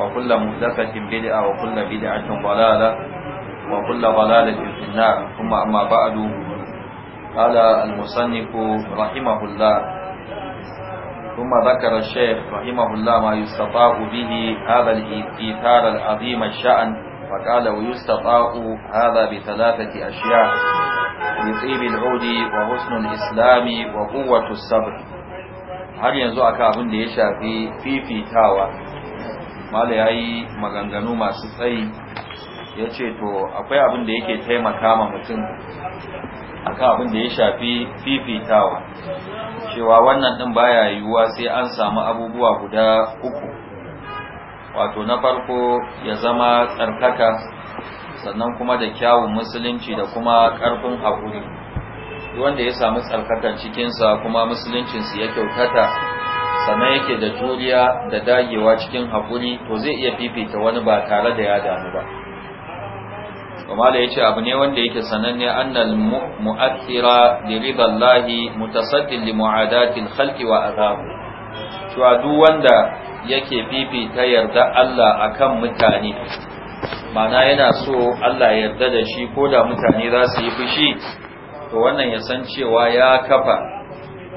وكل مهدفة بدعة وكل بدعة ضلالة وكل ضلالة في النار ثم أما بعد قال المصنف رحمه الله ثم ذكر الشيخ رحمه الله ما يستطاع به هذا الإيثار العظيم الشأن فقال ويستطاع هذا بثلاثة أشياء بطيب العود وحسن الإسلام وقوة الصبر har yanzu aka abin da ya shafi fifitawa Malu ya yi maganganu masu tsayi ya ce to akwai abin da yake taimaka ma mutum akan abin da ya shafi fifitawa cewa wannan din baya yiwuwa sai an samu abubuwa guda uku wato na farko ya zama tsarkaka sannan kuma da kyawun musulunci da kuma ƙarfin haƙuri wanda ya samu tsarkakan cikinsa kuma musuluncinsu ya kyautata sannan yake da juriya da dagewa cikin haƙuri to zai iya fifita wani ba tare da ya damu ba kuma da yace abu ne wanda yake sananne annal mu'athira li ridallahi mutasaddin li mu'adatil khalqi wa adhabu cewa duk wanda yake fifita yarda Allah akan mutane mana yana so Allah ya yarda da shi ko da mutane za su yi fushi to wannan ya san cewa ya kafa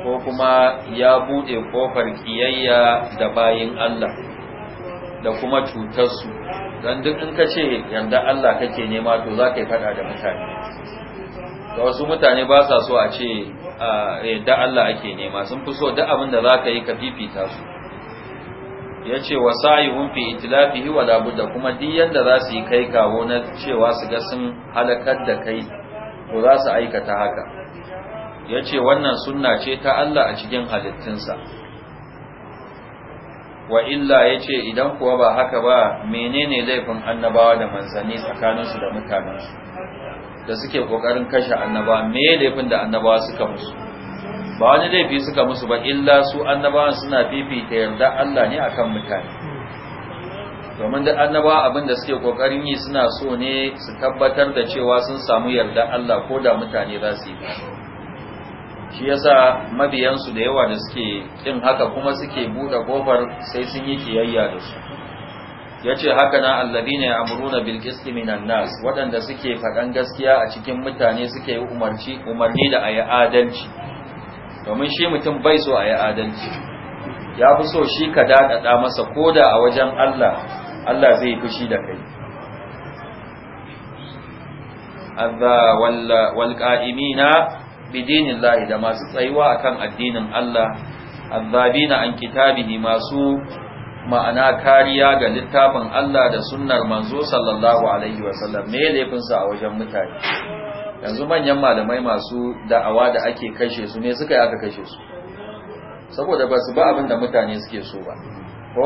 ko kuma ya buɗe ƙofar kiyayya da bayin Allah da kuma cutarsu don duk in ka ce yanda Allah kake nema to za ka yi faɗa da mutane da wasu mutane ba sa so a ce yadda Allah ake nema sun fi so duk abin da za ka yi ka fifita su ya ce wa fi itilafihi wa labudda kuma duk yadda za su yi kai kawo na cewa su ga sun halakar da kai to za su aikata haka ya ce wannan sunna ce ta Allah a cikin halittunsa wa illa ya ce idan kuwa ba haka ba menene laifin annabawa da manzanni tsakaninsu da mutanensu da suke ƙoƙarin kashe annabawa me laifin da annabawa suka musu ba wani laifi suka musu ba illa su annabawan suna fifita yarda Allah ne akan mutane domin da annaba abin da suke ƙoƙarin yi suna so ne su tabbatar da cewa sun samu yarda Allah ko da mutane za su yi shi yasa mabiyansu da yawa da suke kin haka kuma suke buɗe ƙofar sai sun yi kiyayya da su yace haka na alladina a bil qisti minan nas waɗanda suke faɗan gaskiya a cikin mutane suke umarci umarni da ayi adalci domin shi mutum bai so ayi adalci ya fi so shi ka dadada masa ko da a wajen Allah Allah zai fushi da kai wal na. bidinin lahi da masu tsayuwa akan addinin Allah azzabina an kitabihi masu ma'ana kariya ga littafin Allah da sunnar manzo sallallahu alaihi wasallam me laifin sa a wajen mutane yanzu manyan malamai masu da'awa da ake kashe su me suka yi aka kashe su saboda ba su ba abin da mutane suke so ba ko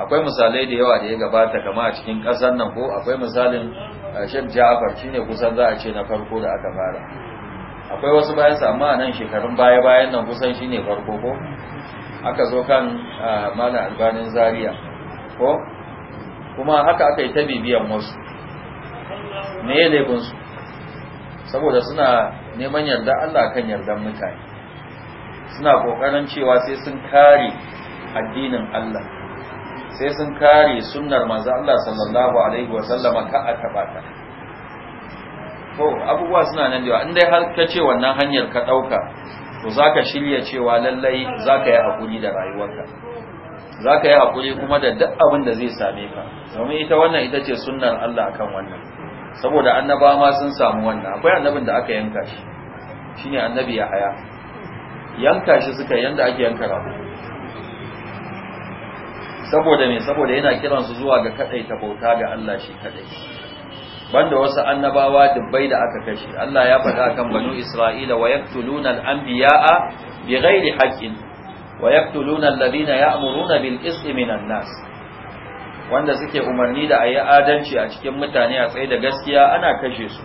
akwai misalai da yawa da ya gabata kama a cikin ƙasar nan ko akwai misalin eh, Sheikh Ja'far shine kusan za a ce na farko da aka fara akwai wasu bayan samu a nan shekarun baya-bayan nan kusan shi ne farko ko aka zo kan malam albanin zaria ko kuma haka aka yi ta bibiyan wasu ne ya laifinsu saboda suna neman yarda allah kan yardan mutane suna kokarin cewa sai sun kare addinin allah sai sun kare sunnar manzo allah sallallahu alaihi wasallama ka a taɓa ta to abubuwa suna nan da in dai har ka ce wannan hanyar ka ɗauka to za ka shirya cewa lallai za ka yi hakuri da rayuwarka za ka yi hakuri kuma da duk abin da zai same ka domin ita wannan ita ce sunnar Allah akan wannan saboda annaba ma sun samu wannan akwai annabin da aka yanka shi shine annabi ya haya yanka shi suka yanda ake yanka rago saboda me saboda yana kiransu zuwa ga kadaita bauta ga Allah shi kadai banda wasu annabawa dubbai da aka kashe Allah ya faɗa kan banu Isra'ila wa yaqtuluna al-anbiya'a bighairi haqqin wa yaqtuluna alladhina ya'muruna bil qisti minan nas wanda suke umarni da ayi adalci a cikin mutane a tsaye da gaskiya ana kashe su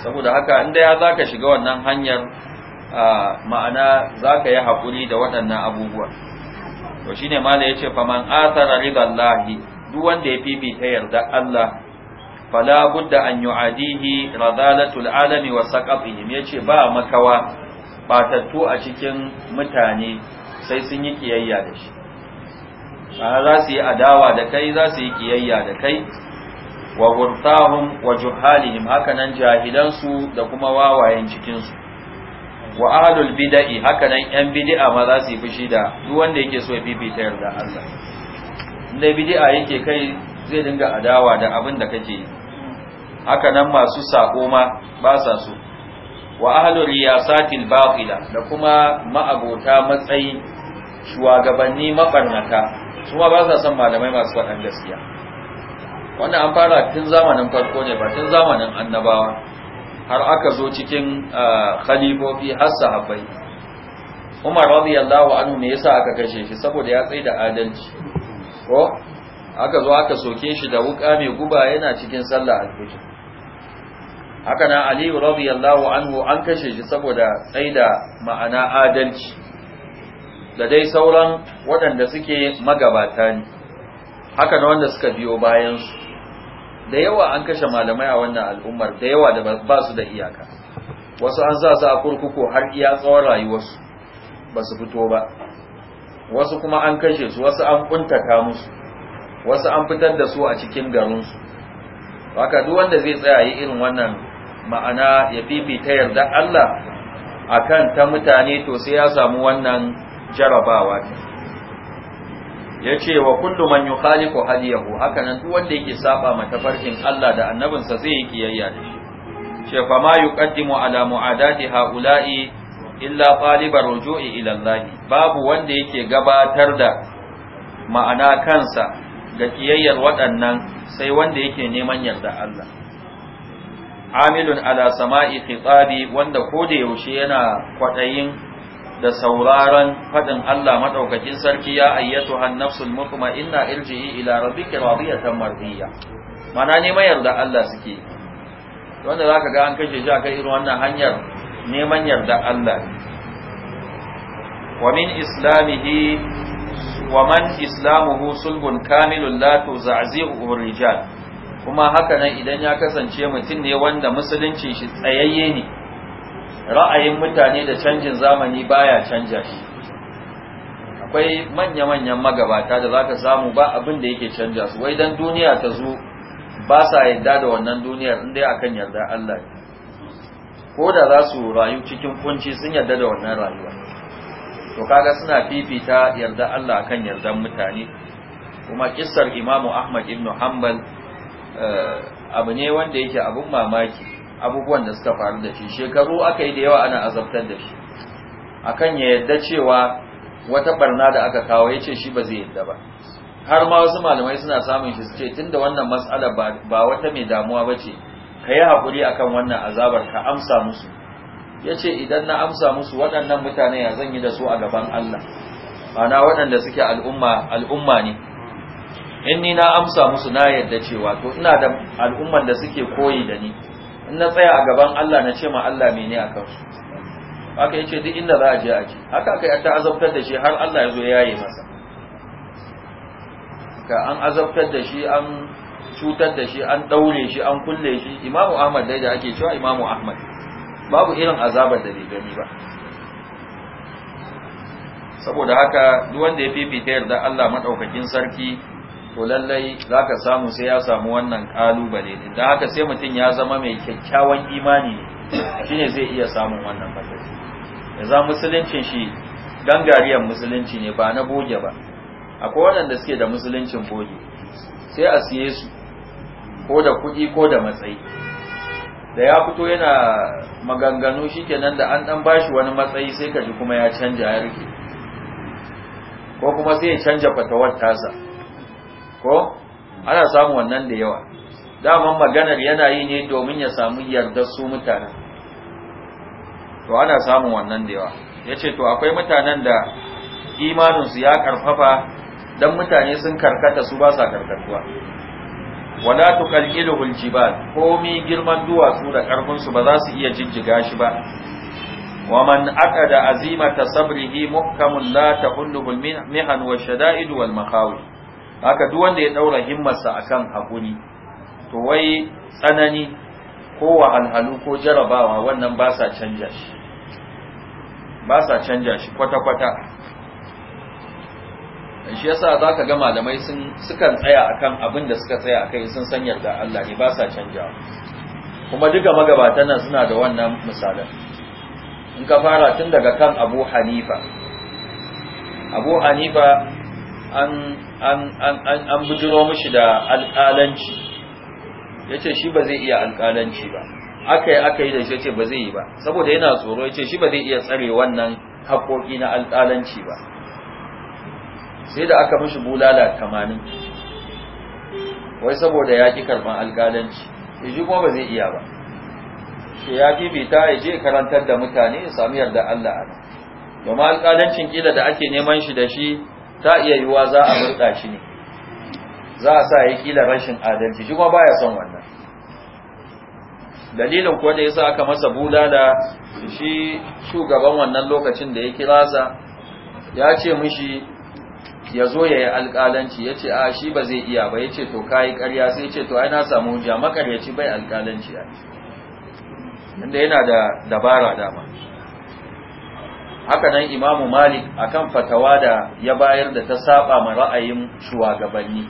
saboda haka inda ya zaka shiga wannan hanyar ma'ana zaka yi hakuri da waɗannan abubuwa to shine mala yace faman athara ridallahi duk wanda ya fifita yarda Allah fala budda an yu'adihi radalatul alami wa saqafihim yace ba makawa batattu a cikin mutane sai sun yi kiyayya da shi ba za su yi adawa da kai za su yi kiyayya da kai wa hurtahum wa juhalihim hakanan jahilansu da kuma wawayen cikinsu wa ahlul bida'i hakanan yan bid'a ma za su yi fushi da duk wanda yake so ya fifita yarda Allah inda bid'a yake kai zai dinga adawa da abin da kake yi haka nan masu sako ma ba sa so wa ahlul riyasatil batila da kuma ma'abota matsayi shugabanni mabarnata kuma ba sa son malamai masu faɗan gaskiya wannan an fara tun zamanin farko ne ba tun zamanin annabawa har aka zo cikin ah, khalifofi har sahabbai Umar radiyallahu anhu me yasa aka kashe shi saboda ya tsaida adalci ko aka zo aka soke shi da wuka mai guba yana cikin sallah alfijir haka nan ali radiyallahu anhu an kashe shi saboda tsaida ma'ana adalci da dai sauran waɗanda suke magabata ne haka na wanda suka biyo bayansu da yawa an kashe malamai a wannan al'ummar da yawa da ba su da iyaka wasu an sa su a kurkuku har iya tsawon rayuwarsu ba su fito ba wasu kuma an kashe su wasu an kuntata musu wasu an fitar da su a cikin garinsu haka duk wanda zai tsaya yi irin wannan ma'ana ya fifita yarda Allah a kan ta mutane to sai ya samu wannan jarabawa ya ce wa kullu man yukhaliqu hadiyahu haka nan duk wanda yake saba ma tafarkin Allah da annabinsa zai yi kiyayya da shi ce fa ma yuqaddimu ala mu'adati haula'i illa talibar ruju'i ila Allah babu wanda yake gabatar da ma'ana kansa ga kiyayyar waɗannan sai wanda yake neman yarda Allah amilun ala sama'i khitabi wanda ko da yaushe yana kwadayin da sauraron fadin Allah madaukakin sarki ya ayyatu han nafsul inna irji'i ila rabbika radiyatan mardiya mana neman yarda Allah suke wanda zaka ga an kashe ji akan irin wannan hanyar neman yarda Allah wa min islamihi wa man islamuhu sulbun kamilun la tuzazihu rijal kuma haka nan idan ya kasance mutum ne wanda musulunci shi tsayayye ne ra'ayin mutane da canjin zamani baya canja shi akwai manya-manyan magabata da zaka samu ba abin da yake canja su wai dan duniya ta zo ba sa yadda da wannan duniyar inda ya akan yarda Allah ko da za su rayu cikin kunci sun yarda da wannan rayuwa to kaga suna fifita yarda Allah kan yardan mutane kuma kissar Imam Ahmad ibn Hanbal eh, abu ne wanda yake abun mamaki abubuwan da suka faru da shi shekaru aka yi da yawa ana azabtar da shi akan ya yarda cewa wata barna da aka kawo yace shi ba zai yarda ba har ma wasu malamai suna samun shi suke tunda wannan mas'ala ba wata mai damuwa bace ka yi haƙuri akan wannan azabar ka amsa musu ya ce idan na amsa musu waɗannan mutane ya zan yi da su a gaban Allah ana waɗanda suke al'umma ne in ni na amsa musu na yadda cewa to ina da al'umman da suke koyi da ni in na tsaya a gaban Allah na ce ma Allah ne a kansu haka yace duk inda za a je a ji haka aka yi ta azabtar da shi har Allah ya zo ya yi masa ka an azabtar da shi an cutar da shi an daure shi an kulle shi imamu ahmad dai da ake cewa imamu ahmad babu irin azabar da bai gani ba saboda haka duk wanda ya fifita yarda Allah madaukakin sarki to lallai zaka samu sai ya samu wannan kalubale din dan haka sai mutum ya zama mai kyakkyawan imani shine zai iya samun wannan matsayi ya za musuluncin shi gangariyar musulunci ne ba na boge ba akwai waɗanda suke da musuluncin boge sai a siye su ko da kuɗi ko da matsayi da ya fito yana maganganu shikenan da an dan bashi wani matsayi sai kaji kuma ya canja ya rike ko kuma sai ya canja fatawar tasa ko ana samu wannan da yawa daman maganar yana yi ne domin ya samu yardar su mutanen to ana samun wannan da yawa yace to akwai mutanen da imaninsu ya karfafa dan mutane sun karkata su ba sa karkatuwa wala jibal ko komi girman duwatsu da karfin su ba za su iya jijjiga shi ba wa man aqada azimata sabrihi muhkamun la tahulluhu mihan wa shada'id wal maqawi haka duk wanda ya daura himmarsa akan hakuri to wai tsanani ko wahalhalu ko jarabawa wannan ba sa canja shi ba sa canja shi kwata-kwata shi yasa za ka ga malamai sukan tsaya akan abin da suka tsaya kai sun san yarda Allah ne ba sa canja kuma duka magabatan nan suna da wannan misalin. in ka fara tun daga kan Abu Hanifa Abu Hanifa an an an an bujiro mishi da alƙalanci yace shi ba zai iya alƙalanci ba aka yi aka yi da shi yace ba zai yi ba saboda yana tsoro yace shi ba zai iya tsare wannan haƙoƙi na alƙalanci ba sai da aka mishi bulala tamanin wai saboda ya ƙi karɓar alƙalanci ya ji kuma ba zai iya ba shi ya fi bibita ya je karantar da mutane ya sami yarda Allah a nan domin alƙalancin ƙila da ake neman shi da shi ta iya yiwuwa za a murda shi ne za a sa ya ƙila rashin adalci shi kuma baya son wannan dalilin kuwa da ya sa aka masa bulala shi shugaban wannan lokacin da ya kira sa ya ce mishi ya zo ya yi alƙalanci ya ce a shi ba zai iya ba ya ce to ka ƙarya sai ya ce to ai na samu hujja makaryaci bai alƙalanci a inda yana da dabara dama haka nan imamu malik akan fatawa da ya bayar da ta saba ma ra'ayin shugabanni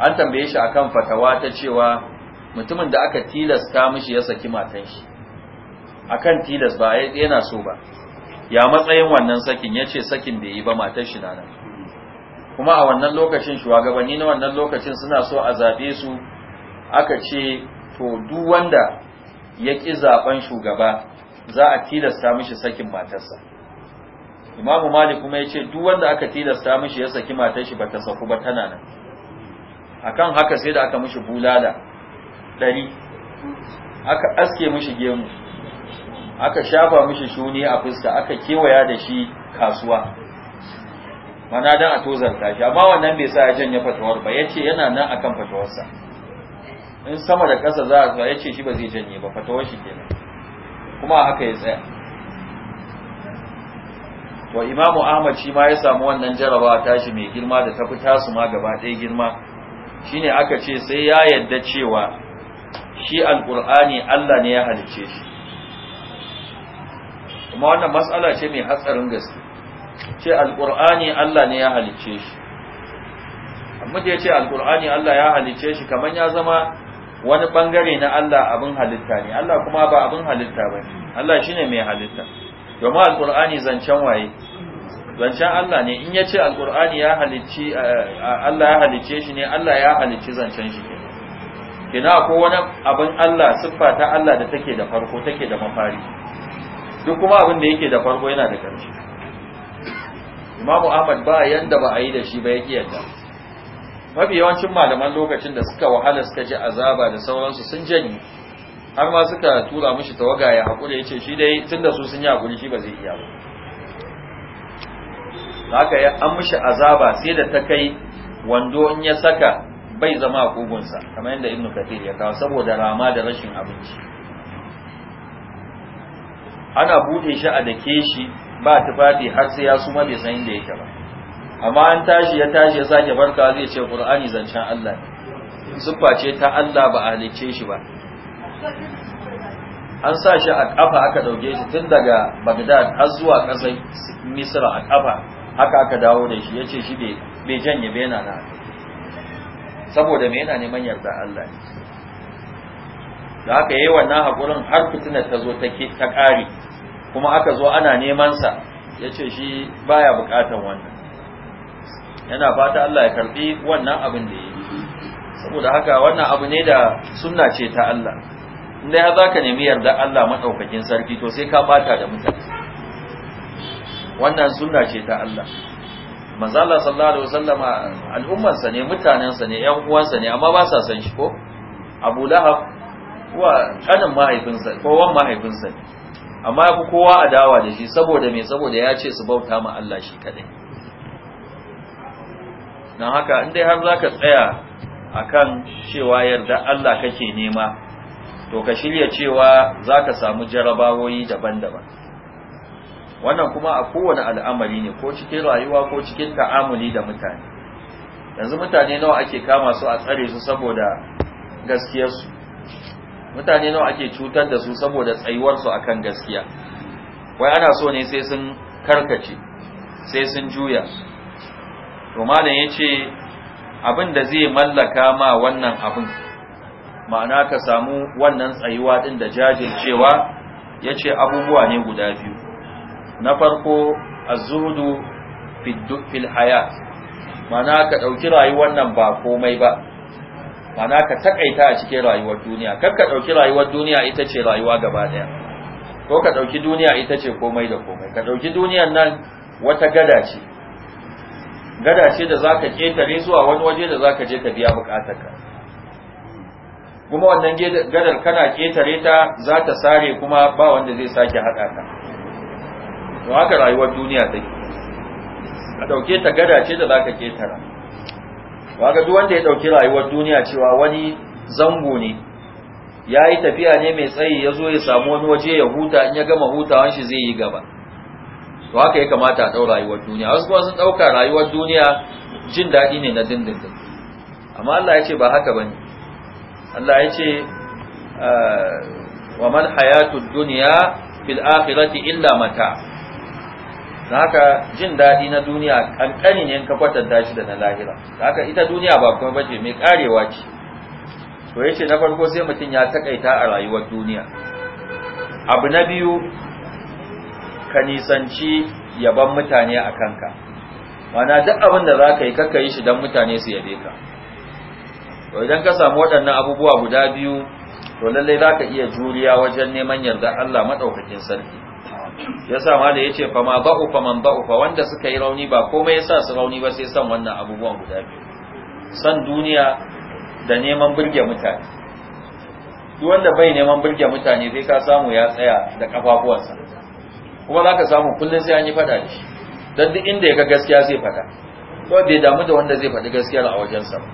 an tambaye shi akan fatawa ta cewa mutumin da aka tilasta mishi ya saki matan shi akan tilas ba yana so ba ya matsayin wannan sakin ya ce sakin bai yi ba matan shi na nan kuma a wannan lokacin shugabanni na wannan lokacin suna so a zaɓe su aka ce to duk wanda ya ƙi zaben shugaba za a tilasta mishi sakin matarsa imamu malik kuma ya ce duk wanda aka tilasta mishi ya saki matar shi ba ta saku ba tana nan akan haka sai da aka mishi bulala ɗari aka aske mishi gemu aka shafa mishi shuni a fuska aka kewaya da shi kasuwa mana dan a tozarta shi amma wannan bai sa ya janye fatawar ba yace yana nan akan fatawarsa in sama da ƙasa za a yace shi ba zai janye ba fatuwar shi kenan kuma haka ya tsaya to imamu ahmad shi ma ya samu wannan ta tashi mai girma da ta tasu ma gaba ɗaya girma shine aka ce sai ya yadda cewa shi alqur'ani Allah ne ya halicce shi kuma wannan matsala ce mai hatsarin gaske ce alqur'ani Allah ne ya halicce shi amma da yace alqur'ani Allah ya halicce shi kaman ya zama wani bangare na Allah abin halitta ne Allah kuma ba abin halitta ne. Allah shine mai halitta domin alqur'ani zancen waye zancen Allah ne in yace alqur'ani ya halicci eh, eh, Allah ya halicce shi ne Allah ya halicci zancen shi kenan kina ko wani abin Allah siffa ta Allah da take da farko take da mafari duk kuma abin da yake da farko yana da ƙarshe imamu ahmad ba yanda ba a yi da shi ba ya yadda mafi yawancin malaman lokacin da suka wahala suka ji azaba da sauransu sun jani har ma suka tura mishi tawaga ya haƙuri ya ce shi dai tun da su sun yi haƙuri shi ba zai iya ba haka ya an mishi azaba sai da ta kai wando in ya saka bai zama a kugunsa kamar yadda ibn kathir ya kawo saboda rama da rashin abinci ana buɗe shi a dake shi ba tufafi har sai ya suma bai san inda yake ba amma an tashi ya tashi ya sake barka zai ce qur'ani zancen Allah ne zuffa ce ta Allah ba a halicce shi ba an sa shi a kafa aka dauke shi tun daga Baghdad har zuwa ƙasar Misra a kafa haka aka dawo da shi yace shi bai bai janye ba yana na saboda me yana neman yarda Allah ne da haka yayi wannan hakurin har fitina ta zo ta ta kare kuma aka zo ana nemansa ya ce shi baya bukatan wannan yana fata Allah ya karbi wannan abin da ya yi saboda haka wannan abu ne da sunna ce ta Allah inda ya zaka nemi yarda Allah madaukakin sarki to sai ka bata da mutane wannan sunna ce ta Allah manzo Allah sallallahu alaihi wasallama al'ummarsa ne mutanensa ne ƴan uwansa ne amma ba sa san shi ko Abu Lahab wa kanin mahaifinsa ko mahaifinsa ne amma ya fi kowa adawa da shi saboda me saboda ya ce su bauta ma Allah shi kadai don haka in dai har zaka tsaya akan cewa yarda Allah kake nema to ka shirya cewa zaka samu jarabawoyi daban-daban wannan kuma a kowane al'amari ne ko cikin rayuwa ko cikin ta'amuli da mutane yanzu mutane nawa ake kama su a tsare su saboda gaskiyarsu mutane nawa ake cutar da su saboda tsayuwarsu akan gaskiya wai ana so ne sai sun karkace sai sun juya to ya yace abin da zai mallaka ma wannan abin ma'ana ka samu wannan tsayuwa din da jajircewa yace abubuwa ne guda biyu na farko a zuhdu fil hayat ma'ana ka ɗauki rayuwar nan ba komai ba mana ka takaita a cikin rayuwar duniya kar ka ɗauki rayuwar duniya ita ce rayuwa gaba daya ko ka ɗauki duniya ita ce komai da komai ka ɗauki duniyan nan wata gada ce gada ce da zaka ketare zuwa wani waje da zaka je ka biya ka. kuma wannan gadar kana ketare ta za ta sare kuma ba wanda zai sake haɗa ka to haka rayuwar duniya take Ka ɗauke ta gada ce da zaka ketara waga duk wanda ya dauki rayuwar duniya cewa wani zango ne yayi tafiya ne mai tsayi ya zo ya samu wani waje ya huta in ya gama hutawan shi zai yi gaba to haka ya kamata a ɗau rayuwar duniya wasu kuma sun ɗauka rayuwar duniya jin daɗi ne na dindindin amma Allah ya ce ba haka ba Allah ya ce ah, wa man hayatu duniya fil akhirati illa mata' na haka jin daɗi na duniya ƙanƙani ne ka kwatanta shi da na lahira haka ita duniya ba kuma ba mai karewa ce to yace na farko sai mutum ya takaita a rayuwar duniya abu na biyu ka nisanci yaban mutane a kanka mana duk abin da za ka yi kakka yi shi don mutane su yabe ka to idan ka samu waɗannan abubuwa guda biyu to lallai za ka iya juriya wajen neman yarda Allah maɗaukakin sarki yasa ma da yace fa ma ba'u fa man ba'u fa wanda suka yi rauni ba komai yasa su rauni ba sai san wannan abubuwan guda biyu san duniya da neman burge mutane duk wanda bai neman burge mutane sai ka samu ya tsaya da kafafuwansa kuma zaka samu kullun sai an yi fada da shi dan duk inda ya ga gaskiya zai fada to bai damu da wanda zai faɗi gaskiyar a wajensa ba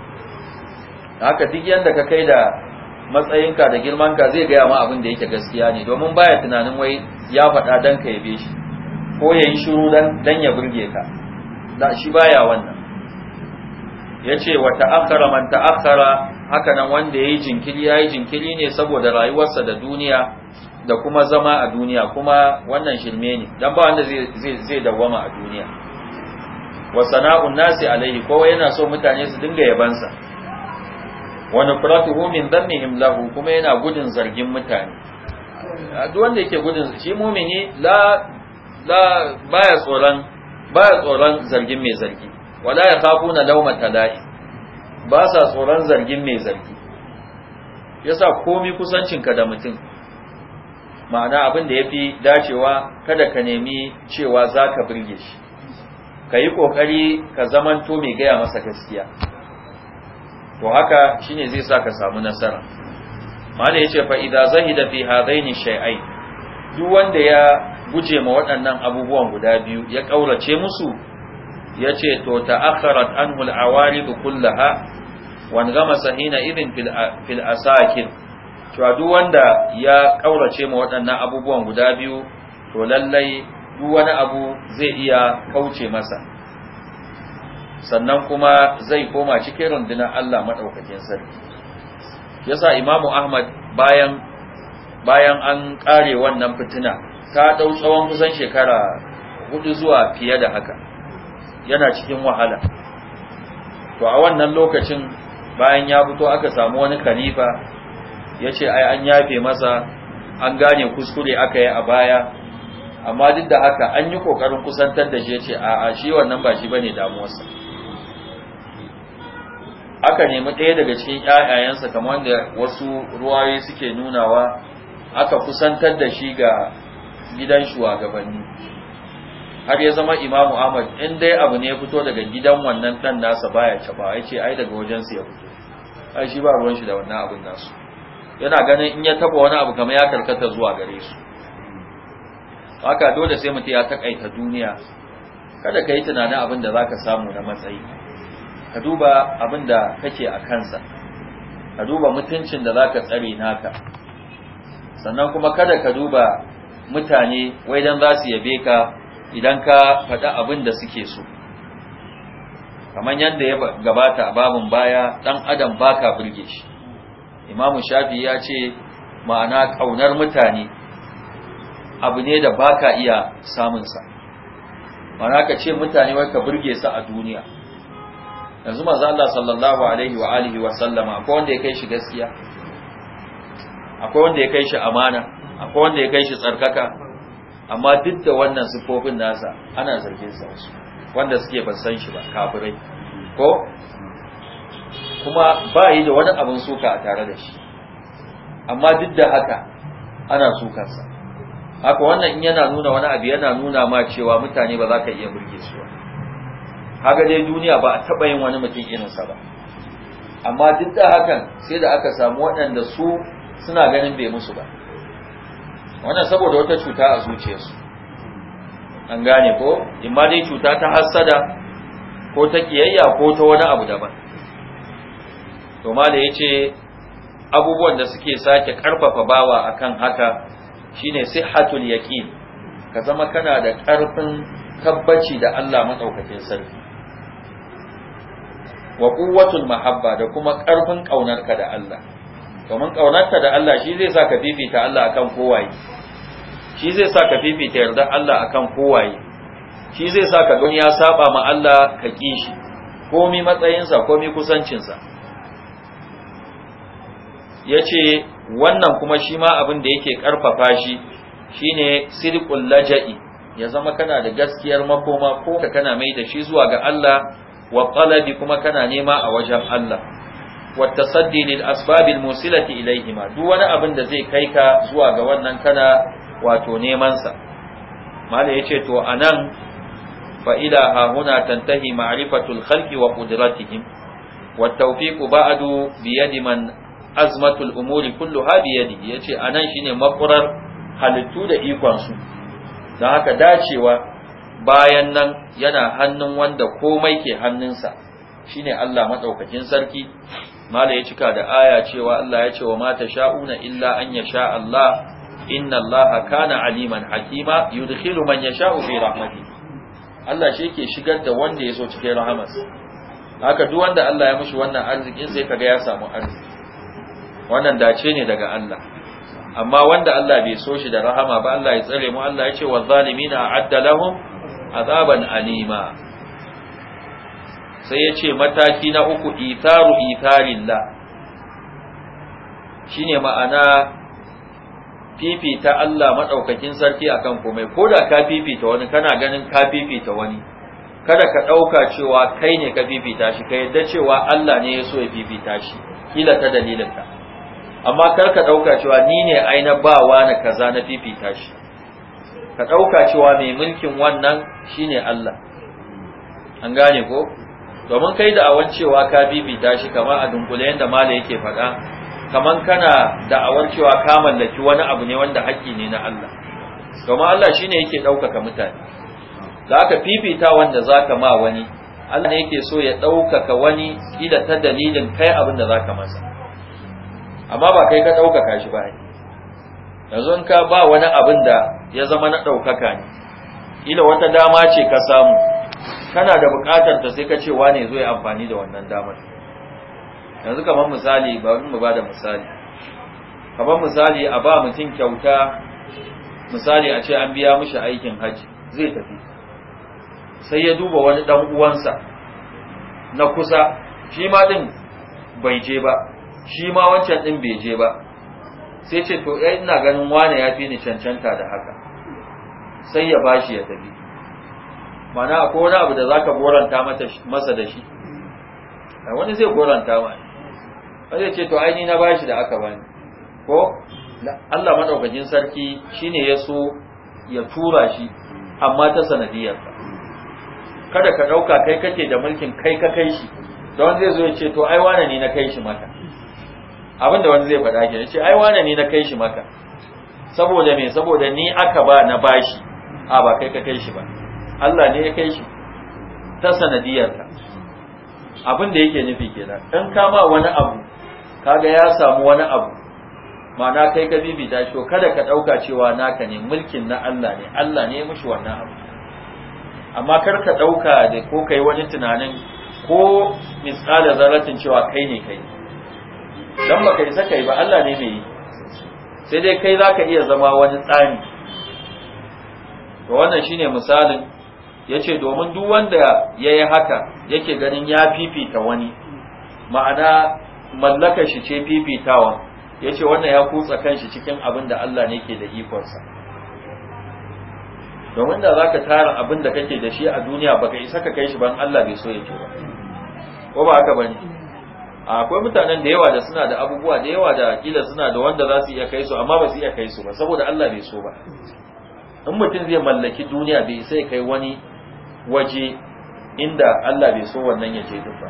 haka duk yanda ka kai da matsayinka da girmanka zai gaya ma abin da yake gaskiya ne domin baya tunanin wai ya faɗa dan ka yabe shi ko ya yi shiru dan ya burge ka da shi baya wannan ya ce wa ta'akara man ta'akara haka nan wanda ya yi jinkiri ya yi jinkiri ne saboda rayuwarsa da duniya da kuma zama a duniya kuma wannan shirme ne dan ba wanda zai dawwama a duniya wa sana'un nasi alaihi kowa yana so mutane su dinga yabansa wani nufratuhu min dhammihim lahu kuma yana gudun zargin mutane duk wanda yake gudun shi mumini la la baya tsoron baya tsoron zargin mai zargi wala ya kafuna lauma talai ba sa tsoron zargin mai zargi yasa komi kusancinka da mutum ma'ana abin da ya fi dacewa kada ka nemi cewa za ka birge shi ka yi ƙoƙari ka zamanto mai gaya masa gaskiya to haka shine zai sa ka samu nasara mala yace fa idza zahida fi hadaini shay'ai duk wanda ya guje ma waɗannan abubuwan guda biyu ya kaurace musu yace to ta'akharat anhu al-awarid kullaha wan gama sahina idin fil fil asakin cewa duk wanda ya kaurace ma waɗannan abubuwan guda biyu to lallai duk wani abu zai iya kauce masa sannan kuma zai koma cikin rundunar Allah maɗaukakin sarki yasa imamu ahmad bayan bayan an ƙare wannan fitina ta ɗau tsawon kusan shekara hudu zuwa fiye da haka yana cikin wahala to a wannan lokacin bayan ya fito aka samu wani khalifa ya ce ai an yafe masa an gane kuskure aka yi a baya amma duk da haka an yi kokarin kusantar da shi ya ce a'a shi wannan ba shi bane damuwarsa aka nemi ɗaya daga cikin ƴaƴayensa kamar wanda wasu ruwaye suke nunawa aka kusantar da shi ga gidan shugabanni har ya zama imamu ahmad in dai abu ne ya fito daga gidan wannan ɗan nasa baya caba ya ce ai daga wajensu ya fito ai shi ba ruwan shi da wannan abun nasu yana ganin in ya taba wani abu kamar ya karkata zuwa gare su haka dole sai mutum ya takaita duniya kada ka yi tunanin abin da za ka samu na matsayi ka duba abin da kake a kansa ka duba mutuncin da za ka tsare naka sannan kuma kada ka duba mutane wai don za su yabe ka idan ka faɗi abin da suke so kamar yadda ya gabata a babin baya ɗan adam baka birge shi imamu shafi ya ce ma'ana ƙaunar mutane abu ne da baka iya samunsa ma'ana ka ce mutane wai ka birge su a duniya yanzu manzo Allah sallallahu alaihi wa alihi wa sallama akwai wanda ya kai shi gaskiya akwai wanda ya kai shi amana akwai wanda ya kai shi tsarkaka amma duk da wannan sifofin nasa ana zargin sa wasu wanda suke ban san shi ba kafirai ko kuma ba yi da wani abin suka a tare da shi amma duk da haka ana sa haka wannan in yana nuna wani abu yana nuna ma cewa mutane ba za ka iya burge su ba haka dai duniya ba a taɓa yin wani mutum irinsa ba amma duk da hakan sai da aka samu waɗanda su suna ganin bai musu ba wannan saboda wata cuta a zuciyarsu an gane ko imma dai cuta ta hassada ko ta kiyayya ko ta wani abu daban to ya yace abubuwan da suke sake karfafa bawa akan haka shine sihhatul yaqin ka zama kana da ƙarfin tabbaci da Allah madaukakin sarki wa quwwatul mahabba da kuma ƙarfin ƙaunarka da Allah domin ƙaunarka da Allah shi zai sa ka fifita Allah akan kowaye shi zai sa ka fifita yarda Allah akan kowaye shi zai sa ka ya saba ma Allah ka ƙi shi komi matsayinsa komi kusancinsa ya ce wannan kuma shi ma abin da yake ƙarfafa shi shine sirƙun laja'i ya zama kana da gaskiyar makoma ko kana mai da shi zuwa ga Allah wa talabi kuma kana nema a wajen Allah wa tasaddi lil asbabil musilati ilaihima duk wani abin da zai kai ka zuwa ga wannan kana wato neman sa malai yace to anan fa ila ha huna tantahi ma'rifatul khalqi wa qudratihim wa tawfiqu ba'du bi yadi man azmatul umuri kulluha bi yadi yace anan shine makurar halittu da ikon su don haka dacewa bayan nan yana hannun wanda komai ke hannunsa shine Allah madaukakin sarki mala ya cika da aya cewa Allah ya ce wa mata sha'una illa an yasha Allah inna Allah kana aliman hakima yudkhilu man yasha'u fi rahmati Allah shi yake shigar da wanda ya so cikin rahamarsa haka duk wanda Allah ya mishi wannan arzikin sai kaga ya samu arziki wannan dace ne daga Allah amma wanda Allah bai so shi da rahama ba Allah ya tsare mu Allah ya ce wa zalimina a'adda lahum azaban alima sai ya ce mataki na uku itharu itharillah shine ma'ana fifita Allah maɗaukakin sarki akan komai koda ka fifita wani kana ganin ka fifita wani kada ka dauka cewa kai ne ka fifita shi ka yadda cewa Allah ne ya so ya fifita shi kila ta dalilinka amma kar ka dauka cewa ni ne aina bawa wani kaza na fifita shi ka ɗauka cewa mai mulkin wannan shine Allah an gane ko domin kai da awan cewa ka bibita shi kamar a dunkule yadda mala yake faɗa kamar kana da awan cewa ka mallaki wani abu ne wanda haƙƙi ne na Allah domin Allah shine yake ɗaukaka mutane da aka fifita wanda zaka ma wani Allah ne yake so ya ɗaukaka wani kila ta dalilin kai abin da zaka masa amma ba kai ka ɗaukaka shi ba ne yanzu ka ba wani abin da ya zama na ɗaukaka ne ila wata dama ce ka samu kana da buƙatar ta sai ka ce wane zo ya amfani da wannan damar yanzu kamar misali bari mu ba da misali kamar misali a ba mutum kyauta misali a ce an biya mishi aikin hajji zai tafi sai ya duba wani ɗan uwansa na kusa shi ma ɗin bai je ba shi ma wancan ɗin bai je ba sai ce to ya eh, ina ganin wane ya fi ni cancanta da haka sai ya bashi ya tafi mana akwai wani abu da zaka goranta masa da shi wani zai goranta ma wani ce to aini na bashi da aka bani ko Allah madaukakin sarki shine ya so ya tura shi amma ta sanadiyar kada ka dauka kai kake da mulkin kai ka kai shi don zai zo ya ce to ai wane ne na kai shi maka Abin da wani zai faɗa ke ce ai wane ne na kai shi maka saboda me saboda ni aka ba na bashi a ba kai ka kai shi ba Allah ne ya kai shi ta ka. abin da yake nufi kenan in ka ba wani abu kaga ya samu wani abu ma'ana kai ka ta shi kada ka ɗauka cewa naka ne mulkin na Allah ne Allah ne ya mushi wannan abu amma kar ka ɗauka da ko kai wani tunanin ko misali zaratin cewa kai ne kai dan baka isa kai ba Allah ne mai yi sai dai kai zaka iya zama wani tsani to wannan shine misalin yace domin duk wanda yayi haka yake ganin ya fifita wani ma'ana mallakar shi ce ya yace wannan ya kutsa kanshi cikin abin da Allah ne ke da ikonsa domin da zaka tara abin da kake da shi a duniya baka isa ka kai shi ban Allah bai so yake ba ko ba haka bane akwai mutanen da yawa da suna da abubuwa da yawa da kila suna da wanda za su iya kai su amma ba su iya kai su ba saboda Allah bai so ba in mutum zai mallaki duniya bai sai kai wani waje inda Allah bai so wannan ya je duk ba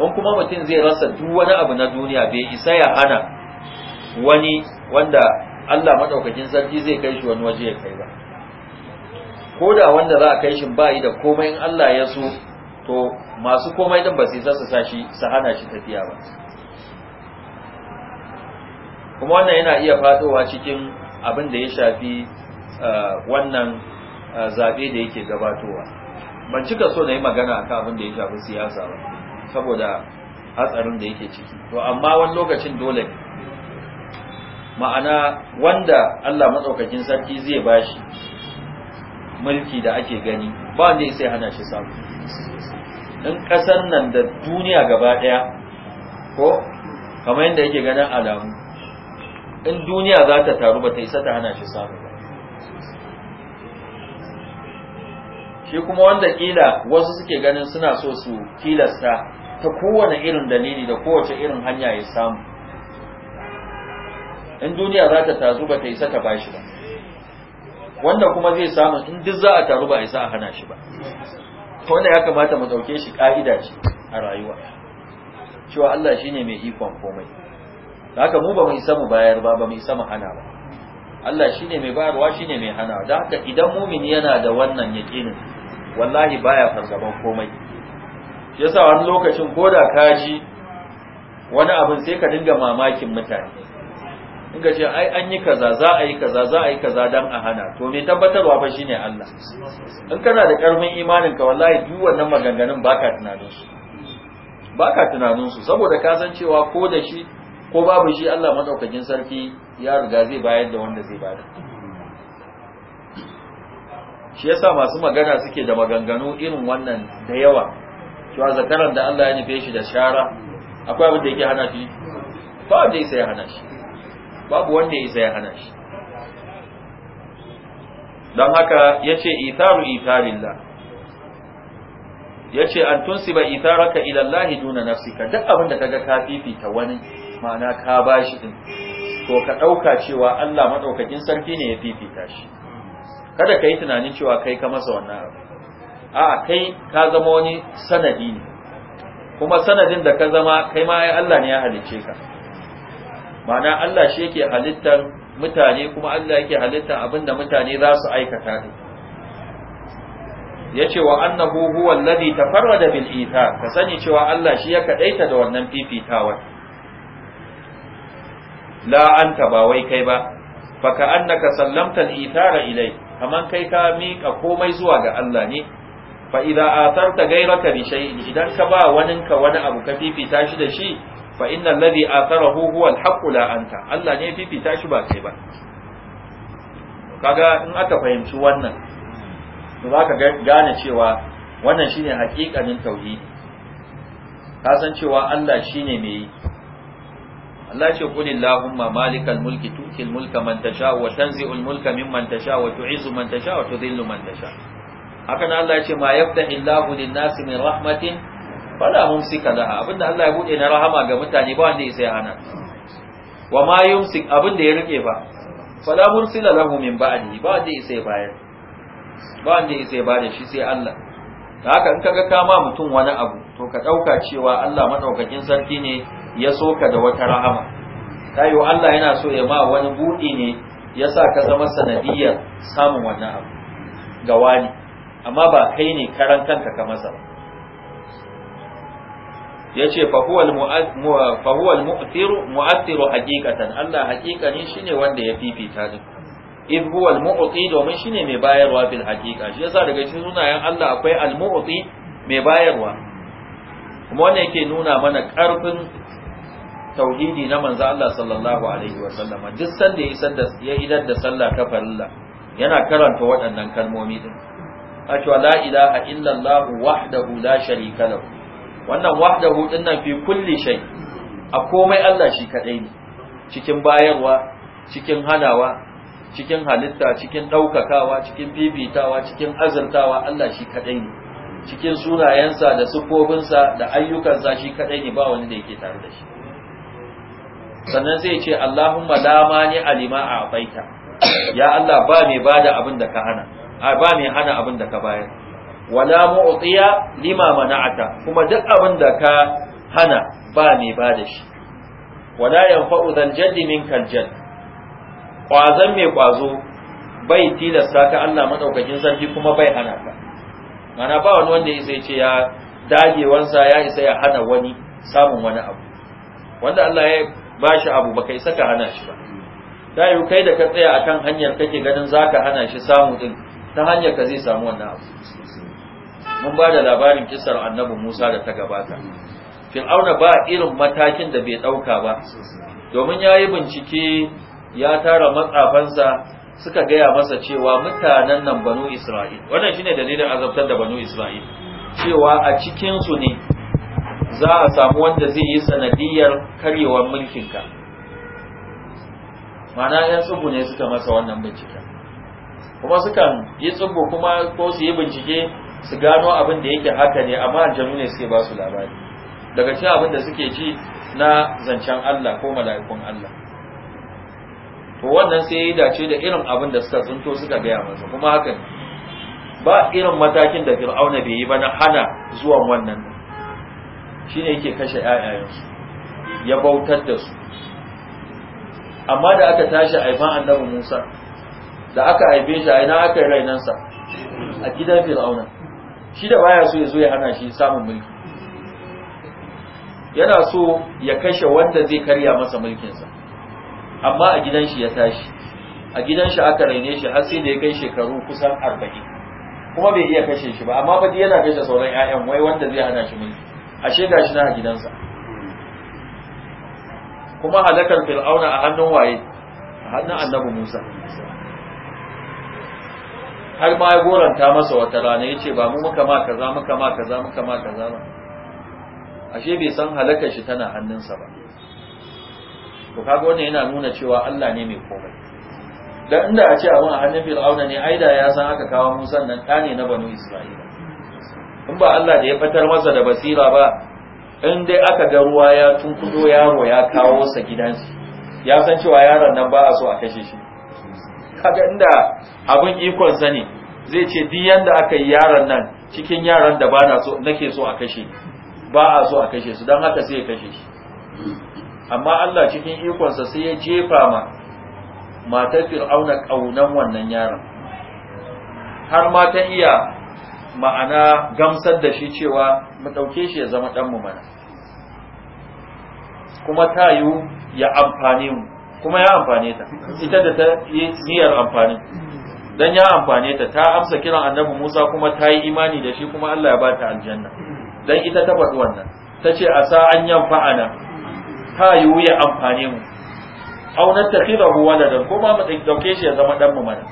in kuma mutum zai rasa duk wani abu na duniya bai isa ya hana wani wanda Allah madaukakin sarki zai kai shi wani waje ya kai ba ko da wanda za a kai shi ba yi da komai in Allah ya so to masu komai din ba sai za su sashi su hana shi tafiya ba kuma wannan yana iya fadowa cikin abin da ya shafi eh, wannan eh, zabe da yake gabatowa ban cika so na yi magana akan abin da ya shafi siyasa ba saboda hatsarin da yake ciki to amma wani lokacin dole ma'ana wanda Allah matsaukakin sarki zai bashi mulki da ake gani ba wanda sai hana shi samu in kasar nan da duniya gaba ɗaya ko kamar yadda yake ganin alamu in duniya za ta taru ba ta isa ta hana shi samu ba shi kuma wanda kila wasu suke ganin suna so su kilasta ta kowane irin dalili da kowace irin hanya ya samu in duniya za ta taru ba ta isa ta bashi ba wanda kuma zai samu in duk za a taru ba a isa a hana shi ba to wanda ya kamata mu dauke shi ka'ida ce a rayuwa cewa Allah shine mai ikon komai haka mu ba mu isa mu bayar ba ba mu isa mu hana ba Allah shine mai bayarwa shine mai hana da haka idan mumini yana da wannan yaqinin wallahi baya fargaban komai yasa wani lokacin koda ka ji wani abin sai ka dinga mamakin mutane in ka ce ai an yi kaza za a yi kaza za a yi kaza dan a hana to me tabbatarwa fa shine Allah in kana da karfin imanin ka wallahi duk wannan maganganun baka tunanin su baka tunanin su saboda ka san cewa ko da shi ko babu shi Allah madaukakin sarki ya riga zai bayar da wanda zai bada shi yasa masu magana suke da maganganu irin wannan da yawa cewa zakaran da Allah ya nufe shi da shara akwai abin da yake hana shi ba abin da ya hana shi babu wanda ya zai hana shi don haka ya ce itharu itharilla ya ce an ba itharaka ilallahi duna nafsika duk abin da kaga ka fifita wani ma'ana ka bashi din to ka ɗauka cewa Allah maɗaukakin sarki ne ya fifita shi kada ka yi tunanin cewa kai ka masa wannan abu a'a kai ka zama wani sanadi ne kuma sanadin da ka zama kai ma ai Allah ne ya halicce ka ma'ana Allah shi yake halittar mutane kuma Allah yake halittar abinda mutane za su aikata ne ce wa annahu huwa alladhi tafarrada bil ita ka sani cewa Allah shi ya kadaita da wannan fifitawar la anta ba wai kai ba fa ka annaka sallamta al ithara ilai kaman kai ka miƙa komai zuwa ga Allah ne fa idza atarta gairaka bi shay'in idan ka ba waninka wani abu ka fifita shi da shi fa inna alladhi atharahu huwa al-haqqu la anta Allah ne fifita shi ba kai ba kaga in aka fahimci wannan to za ka gane cewa wannan shine hakikanin tauhidi ka san cewa Allah shine mai yi Allah ce qul illahumma malikal mulki tu'til mulka man tasha wa tanzi'ul mulka mimman tasha wa tu'izzu man tasha wa tudhillu man tasha haka nan Allah ya ce ma yaftahi Allahu lin-nasi min rahmatin wala mumsika laha abinda Allah ya bude na rahama ga mutane ba wanda sai hana wa ma yumsik abinda ya rike ba fala mursila lahu min ba'di ba wanda sai bayar ba wanda sai ba da shi sai Allah haka in kaga kama mutum wani abu to ka dauka cewa Allah madaukakin sarki ne ya soka da wata rahama kayo Allah yana so ya ma wani budi ne ya sa ka zama sanadiyar samun wannan abu ga wani amma ba kai ne karan kanka ka masa ba Ya ce, huwa al fa huwa al mu'thiru mu'athiru haqiqatan Allah haqiqani shine wanda ya fifita din in huwa al-mu'ti domin shine mai bayarwa bil haqiqa shi yasa daga cikin sunayen Allah akwai al-mu'ti mai bayarwa kuma wannan yake nuna mana karfin tauhidi na manzo Allah sallallahu alaihi wa sallama duk sanda ya isar da ya idar da sallah ta farilla yana karanta waɗannan kalmomi din a cewa la ilaha illallah wahdahu la sharika lahu wannan wahdahu nan fi kulli shay a komai Allah shi kadai ne cikin bayarwa cikin hanawa cikin halitta cikin daukakawa cikin bibitawa cikin azurtawa Allah shi kadai ne cikin sunayensa da siffofinsa da ayyukansa shi kadai ne ba wani da yake tare da shi sannan sai ce Allahumma la mani alima a baita ya Allah ba mai bada abin da ka hana ba mai hana abin da ka bayar wala mu'tiya lima mana'ata kuma duk abin da ka hana ba mai ba da shi wala yanfa'u dhal jaddi minkal jadd mai kwazo bai tilasta ka Allah madaukakin sarki kuma bai hana ka mana ba wani wanda ya ce ya dagewansa ya isa ya hana wani samun wani abu wanda Allah ya bashi abu baka isa ka hana shi ba da kai da ka tsaya akan hanyar kake ganin zaka hana shi samu din ta hanyar ka zai samu wannan abu mun ba da labarin kisar annabi Musa da ta gabata Fir'auna ba irin matakin da bai ɗauka ba domin ya yi bincike ya tara matsafansa suka gaya masa cewa mutanen nan banu Isra'il wannan shine dalilin azabtar da banu Isra'il cewa a cikin su ne za a samu wanda zai yi sanadiyar karyewar mulkinka mana yan tsubu ne suka masa wannan bincike kuma sukan yi tsubu kuma ko su yi bincike su gano abin da yake haka ne amma aljanu ne suke ba su labari daga cikin abin da suke ji na zancen Allah ko mala'ikun Allah to wannan sai ya dace da irin abin da suka tsinto suka gaya masa kuma haka ba irin matakin da fir'auna bai yi ba na hana zuwan wannan shine yake kashe ƴaƴayensu ya bautar da su amma da aka tashi aifan annabi Musa da aka haife shi a ina aka yi rainansa a gidan Fir'auna shi da baya so ya zo ya hana shi samun mulki yana so ya kashe wanda zai karya masa mulkinsa amma a gidan shi ya tashi a gidan shi aka raine shi har sai da ya kai shekaru kusan arba'in kuma bai iya kashe shi ba amma ba yana kashe sauran 'ya'yan wai wanda zai hana shi mulki ashe shi na a gidansa kuma halakar fir'auna a hannun waye a hannun annabi musa har ma ya goranta masa wata rana ya ce ba mu muka ma kaza muka ma kaza muka ma kaza ba ashe bai san halakar shi tana hannunsa ba to kaga wannan yana nuna cewa Allah ne mai komai dan inda a ce abun a hannun Fir'auna ne aida ya san aka kawo Musa nan ɗa ne na Banu Isra'ila in ba Allah da ya fitar masa da basira ba in dai aka ga ruwa ya tunkudo yaro ya kawo sa gidansu ya san cewa yaron nan ba a so a kashe shi kaga inda abin ikon sa ne zai ce duk yanda aka yi yaron nan cikin yaran da na so nake so a kashe ba a so a kashe su don haka sai ya kashe shi amma Allah cikin ikon sa sai ya jefa ma matar fir'auna kaunan wannan yaron har ma ta iya ma'ana gamsar da shi cewa mu ɗauke shi ya zama ɗanmu mana kuma ta yiwu ya amfane mu kuma ya amfane ta ita da ta yi niyyar amfani dan ya amfane ta ta amsa kiran annabi Musa kuma ta yi imani da shi kuma Allah ya ba ta aljanna dan ita ta faɗi wannan ta ce a sa an yan fa'ana ta yiwu ya amfane mu au na kira huwa da dan kuma mu dauke shi ya zama dan mu mana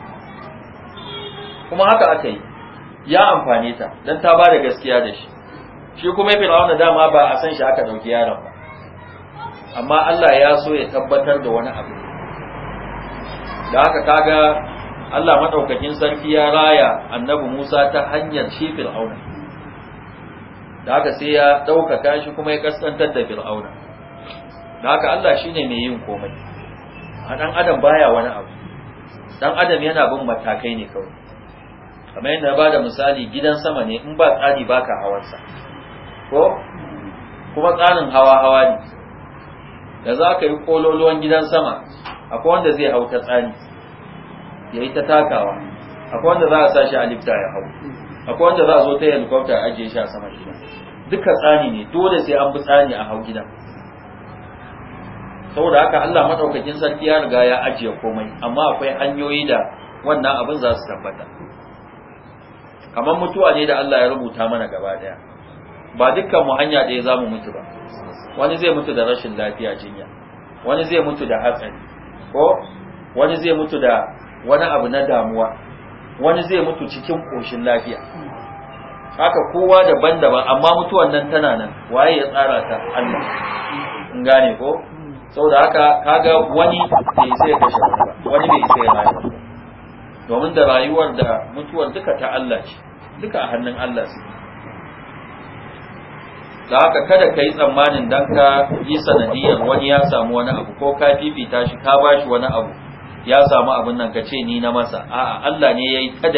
kuma haka aka yi ya amfane ta dan ta ba da gaskiya da shi shi kuma fir'auna dama ba a san shi aka dauki yaron ba amma Allah ya so ya tabbatar da wani abu da haka kaga Allah madaukakin sarki ya raya annabi Musa ta hanyar shi Fir'auna da haka sai ya ɗaukaka shi kuma ya kasantar da Fir'auna da haka Allah shine mai yin komai a dan adam baya wani abu dan adam yana bin matakai ne kawai kamar yadda ba da misali gidan sama ne in ba tsari baka hawansa ko kuma tsarin hawa hawa ne da za ka yi kololuwan gidan sama akwai wanda zai hau ta tsani ya yi ta takawa akwai wanda za a sa shi a lifta ya hau akwai wanda za a zo ta helicopter a ajiye shi a sama gidan duka tsani ne dole sai an bi tsani a hau gidan saboda haka Allah madaukakin sarki ya riga ya ajiye komai amma akwai hanyoyi da wannan abin za su tabbata kamar mutuwa ne da Allah ya rubuta mana gaba daya ba dukkan mu hanya ɗaya za mu mutu ba wani zai mutu da rashin lafiya jinya wani zai mutu da hatsari ko wani zai mutu da wani abu na damuwa wani zai mutu cikin ƙoshin lafiya haka kowa daban-daban amma mutuwan nan tana nan waye ya tsara ta Allah in gane ko saboda haka kaga wani bai sai ya kashe ba wani bai sai ya ba. domin da rayuwar da mutuwar duka ta Allah ce duka a hannun Allah su. da haka kada ka yi tsammanin dan ka yi sanadiyar wani ya samu wani abu ko ka fifita shi ka ba shi wani abu ya samu abin nan ka ce ni na masa a'a Allah ne ya yi ta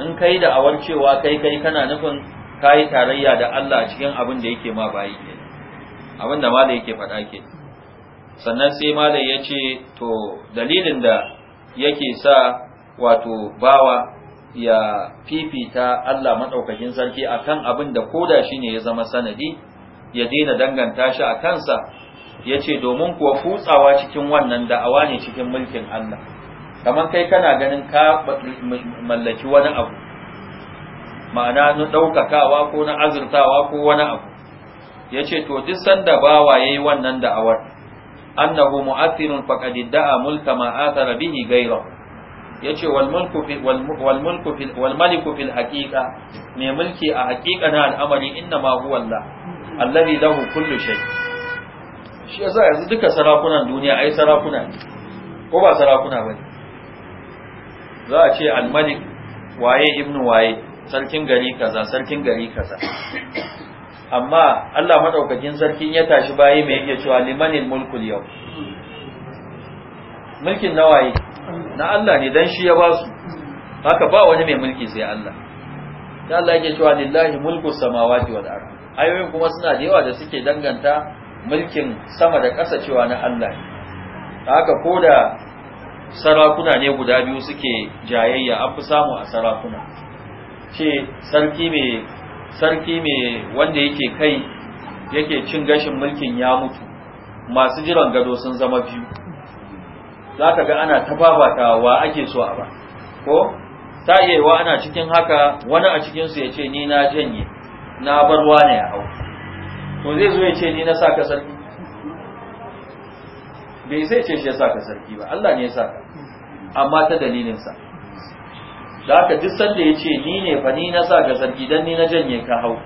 in kai da awar cewa kai kai kana nufin ka tarayya da Allah cikin abin da yake ma bayi ne abin da malai yake faɗa ke sannan sai malai ya ce to dalilin da yake sa wato bawa ya fifita Allah maɗaukakin sarki akan abin da koda shi ne ya zama sanadi ya daina danganta shi a kansa ya ce domin kuwa kutsawa cikin wannan da'awa ne cikin mulkin Allah kamar kai kana ganin ka mallaki wani abu ma'ana na ɗaukakawa ko na azurtawa ko wani abu ya ce to duk sanda bawa ya yi wannan da'awar annahu mu'athirun faqad a mulka ma bihi ghayrahu yace wal mulku fil wal mulku wal maliku fil haqiqa mai mulki a haqiqa na al'amari inna ma huwa Allah lahu kullu shay shi yasa yanzu duka sarakunan duniya ai sarakuna ne ko ba sarakuna bane za a ce al malik waye ibnu waye sarkin gari kaza sarkin gari kaza amma Allah madaukakin sarkin ya tashi baye mai yake cewa limanil mulkul yau mulkin nawaye na Allah ne dan shi ya ba su haka ba wani mai mulki sai Allah da Allah yake cewa lillahi mulku samawati wal ardi ayoyin kuma suna da yawa da suke danganta mulkin sama da ƙasa cewa na Allah ne haka ko da sarakuna ne guda biyu suke jayayya an fi samu a sarakuna ce sarki mai sarki mai wanda yake kai yake cin gashin mulkin ya mutu masu jiran gado sun zama biyu za ka ga ana ta wa ake so a ba ko ta iya wa ana cikin haka wani a cikinsu ya ce ni na janye na bar wane ya hau to zai zo ya ce ni na sa ka sarki bai zai ce shi ya sa ka sarki ba Allah ne ya sa ka amma ta dalilinsa Za ka duk sanda ya ce ni ne fa ni na sa ka sarki dan ni na janye ka hau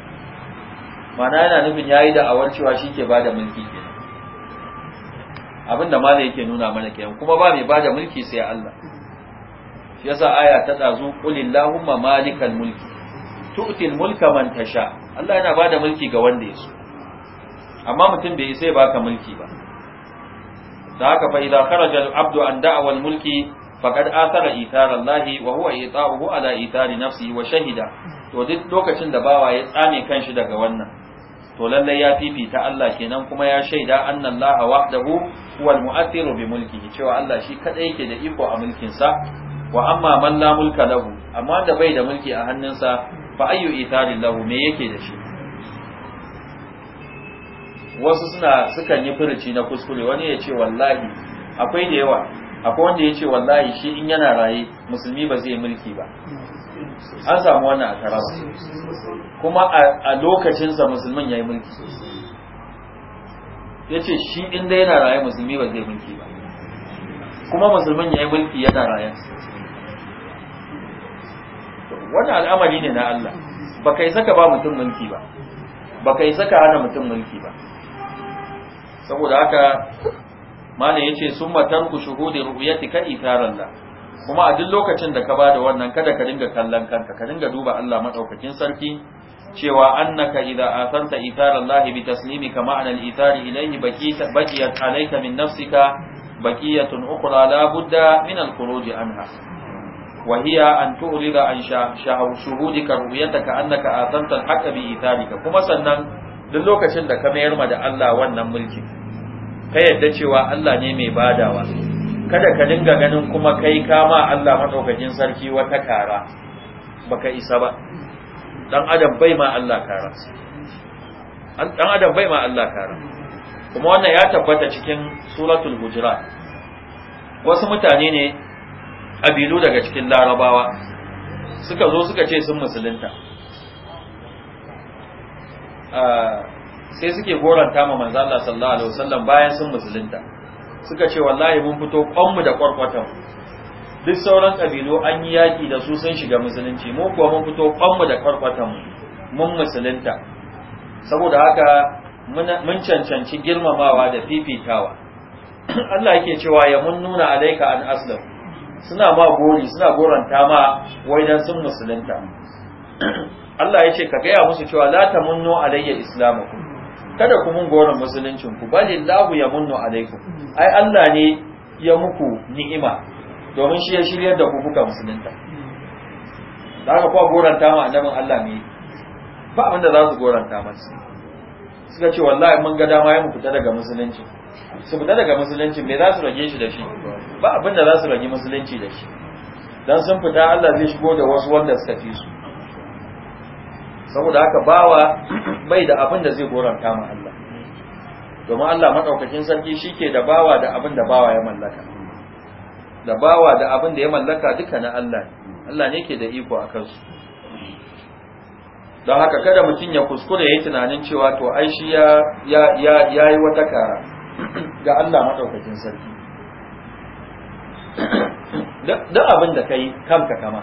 mana yana nufin ya yi da awar cewa shi ke bada mulki ke abin da malai yake nuna mana kenan kuma ba mai bada mulki sai Allah shi yasa aya ta dazu qulillahumma malikal mulki tu'til mulka man tasha Allah yana bada mulki ga wanda ya so amma mutum bai sai baka mulki ba da haka fa idza kharaja al-abdu an da'a al-mulki faqad athara ithara Allah wa huwa ita'uhu ala ithari nafsihi wa shahida to duk lokacin da bawa ya tsame kanshi daga wannan to lallai ya fifita Allah kenan kuma ya shaida anna Allah wahdahu huwal mu'athiru bi mulkihi cewa Allah shi kadai yake da iko a mulkin sa wa amma man la mulka lahu amma da bai da mulki a hannunsa fa ayyu itharin lahu me yake da shi wasu suna suka yi furuci na kuskure wani ya ce wallahi akwai da yawa akwai wanda ya ce wallahi shi in yana raye musulmi ba zai mulki ba an samu wannan a taraba kuma a lokacinsa musulmin ya yi mulki ya ce shi inda yana raye musulmi ba zai mulki ba kuma musulmin ya yi mulki yana raye wannan al'amari ne na Allah ba kai saka ba mutum mulki ba ba kai saka hana mutum mulki ba saboda haka mana ya ce sun matar ku shuhudin ru'yatika itharallah kuma a duk lokacin da ka bada wannan kada ka dinga kallon kanka ka dinga duba Allah madaukakin sarki cewa annaka idza atharta ithar Allah bi taslimika ma'ana al ilayhi bakita bakiyat alayka min nafsika bakiyatun ukhra la budda min al-khuruj anha wa hiya an tu'rida an shuhudika ru'yataka annaka atharta al haqq bi itharika kuma sannan duk lokacin da ka mayar ma da Allah wannan mulki ka yadda cewa Allah ne mai badawa kada ka dinga ganin kuma kai kama Allah madaukakin sarki wata kara baka isa ba dan adam bai ma Allah kara dan adam bai ma Allah kara kuma wannan ya tabbata cikin suratul hujurat wasu mutane ne kabilu daga cikin larabawa suka zo suka ce sun musulunta ah, sai suke goranta ma manzo Allah sallallahu alaihi wasallam bayan sun musulunta suka ce wallahi mun fito kwanmu da kwarkwatan duk sauran kabilu an yi yaki da su sun shiga musulunci mu kuwa mun fito kwanmu da kwarkwatan mun musulunta saboda haka mun cancanci girmamawa da fifitawa Allah yake cewa ya mun nuna alaika an aslam suna ma gori suna goranta ma wai dan sun musulunta Allah ya ce ka gaya musu cewa la tamunnu alayya islamakum kada ku mun goron musuluncin ku bali lahu ya munnu alaikum ai Allah ne ya muku ni'ima domin shi ya shiryar da ku kuka musulunta da aka kuwa ta ma annabin Allah ne ba abinda za su goranta masu suka ce wallahi mun ga dama ya mu fita daga musulunci su fita daga musulunci me za su rage shi da shi ba abinda za su rage musulunci da shi dan sun fita Allah zai shigo da wasu wanda suka fi su saboda haka bawa bai da abin da zai goranta ma Allah domin Allah madaukakin sarki shike da bawa da abin da bawa ya mallaka da bawa da abin da ya mallaka duka na Allah Allah ne ke da iko a kansu don haka kada mutum ya kuskure ya tunanin cewa to ai shi ya ya ya yi wata kara ga Allah madaukakin sarki duk abin da kai kanka kama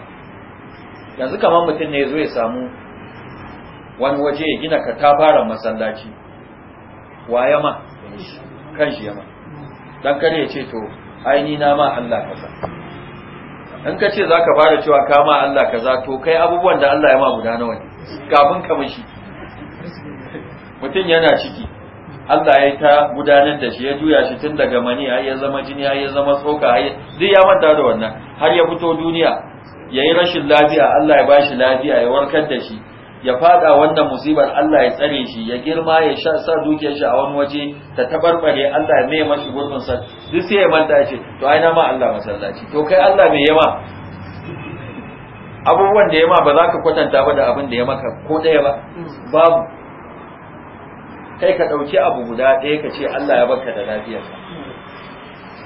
yanzu kamar mutum ne ya zo ya samu wani waje ya gina katafaren masallaci wa yama kan shi yama dan kare ya ce to aini na ma Allah kaza in ka ce zaka fara cewa ka ma Allah kaza to kai abubuwan da Allah ya ma guda nawa ne kafin ka mishi mutum yana ciki Allah ya ta gudanar da shi ya juya shi tun daga mani har ya zama jini har ya zama tsoka har duk ya manta da wannan har ya fito duniya ya yi rashin lafiya Allah ya bashi lafiya ya warkar da shi ya fada wannan musibar Allah ya tsare shi ya girma ya sha sa dukiyar shi a wani waje ta tabarbare Allah ya mai mashi gurbin sa duk sai ya manta ce to ai na ma Allah masallaci to kai Allah mai yama abubuwan da yama ba za ka kwatanta ba da abin da ya maka ko daya ba babu kai ka dauki abu guda ɗaya ka ce Allah ya baka da lafiyar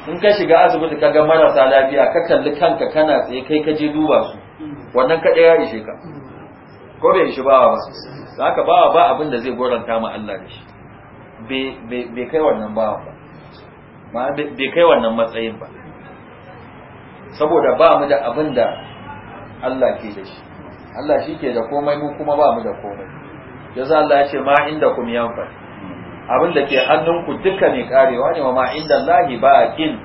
in ka shiga asibiti ka ga marasa lafiya ka kalli kanka kana tsaye kai ka je duba su wannan ka ɗaya ishe ka ko bai shi bawa ba haka bawa ba abin da zai goranta ma Allah da shi bai kai wannan bawa ba bai kai wannan matsayin ba saboda ba mu da abin da Allah ke da shi Allah shi ke da komai mu kuma ba mu da komai yaza Allah ya ce ma inda kum yanfa abin da ke hannunku duka ne karewa ne wa ma inda Allah ba kin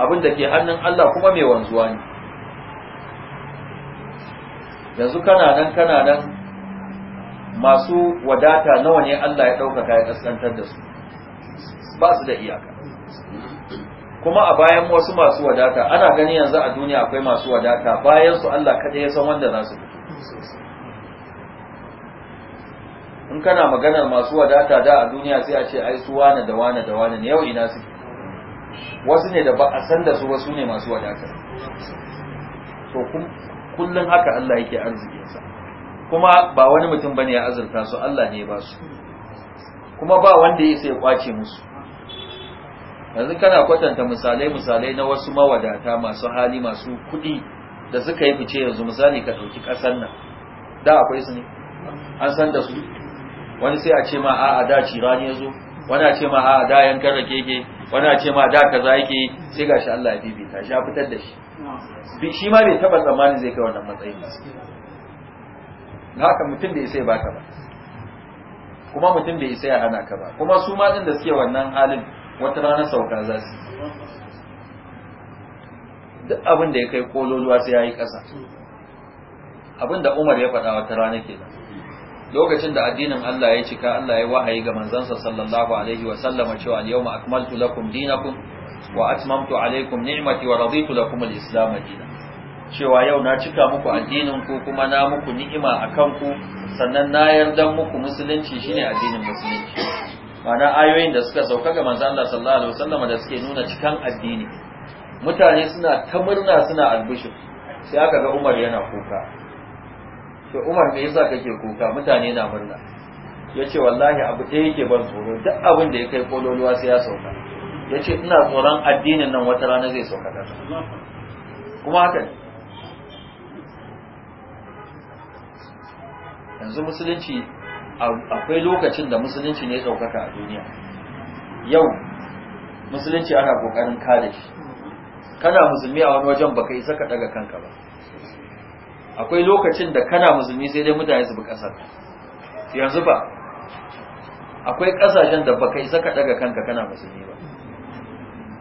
abin da ke hannun Allah kuma mai wanzuwa ne yanzu kana nan kana nan masu wadata nawa ne Allah ya ɗaukaka ya ƙasƙantar da su ba su da iyaka kuma a bayan wasu masu wadata ana gani yanzu a duniya akwai masu wadata bayan su Allah kaɗai ya san wanda za su fito in kana maganar masu wadata da a duniya sai a ce ai su wane da wane da wane ne yau ina suke wasu ne da ba a san da su wasu ne masu wadata to kullun haka Allah yake arzikinsa kuma ba wani mutum bane ya azurta su Allah ne ba su kuma ba wanda ya sai kwace musu yanzu kana kwatanta misalai misalai na wasu mawadata masu hali masu kuɗi da suka yi fice yanzu misali ka ɗauki ƙasar nan da akwai su ne an san da su wani sai a ce ma a'a da cirani ya zo wani a ce ma a'a da yankan rake wani a ce ma da za yake sai gashi Allah ya bibita shi ya fitar da shi shi ma bai taba tsammanin zai kai wannan matsayi ba haka mutum da ya sai baka ba kuma mutum ya sai ya hana ka ba kuma su ma din da suke wannan halin wata rana sauka za su duk abin da ya kai kololuwa sai ya yi ƙasa abin da Umar ya faɗa wata rana kenan lokacin da addinin Allah ya cika Allah ya wahayi ga manzansa sallallahu alaihi wa sallama cewa al-yawma akmaltu lakum dinakum wa atmamtu alaykum ni'mati wa raditu lakum al-islam dinan cewa yau na cika muku addinin ku kuma na muku ni'ima akan ku sannan na yarda muku musulunci shine addinin musulunci mana ayoyin da suka sauka ga manzo Allah sallallahu alaihi wa sallama da suke nuna cikan addini mutane suna ta murna suna albishir sai aka ga Umar yana kuka ce umar me yasa kake kuka mutane na murna ya ce wallahi abu ɗaya yake ban tsoro duk abin da ya kai kololuwa sai ya sauka ya ce ina tsoron addinin nan wata rana zai sauka ƙasa kuma haka ne yanzu musulunci akwai lokacin da musulunci ne ɗaukaka a duniya yau musulunci ana ƙoƙarin kare. shi kana musulmi a wani wajen baka isa ka ɗaga kanka ba akwai lokacin da kana musulmi sai dai mutane su bi kasar yanzu ba akwai kasashen da baka isa ka daga kanka kana musulmi ba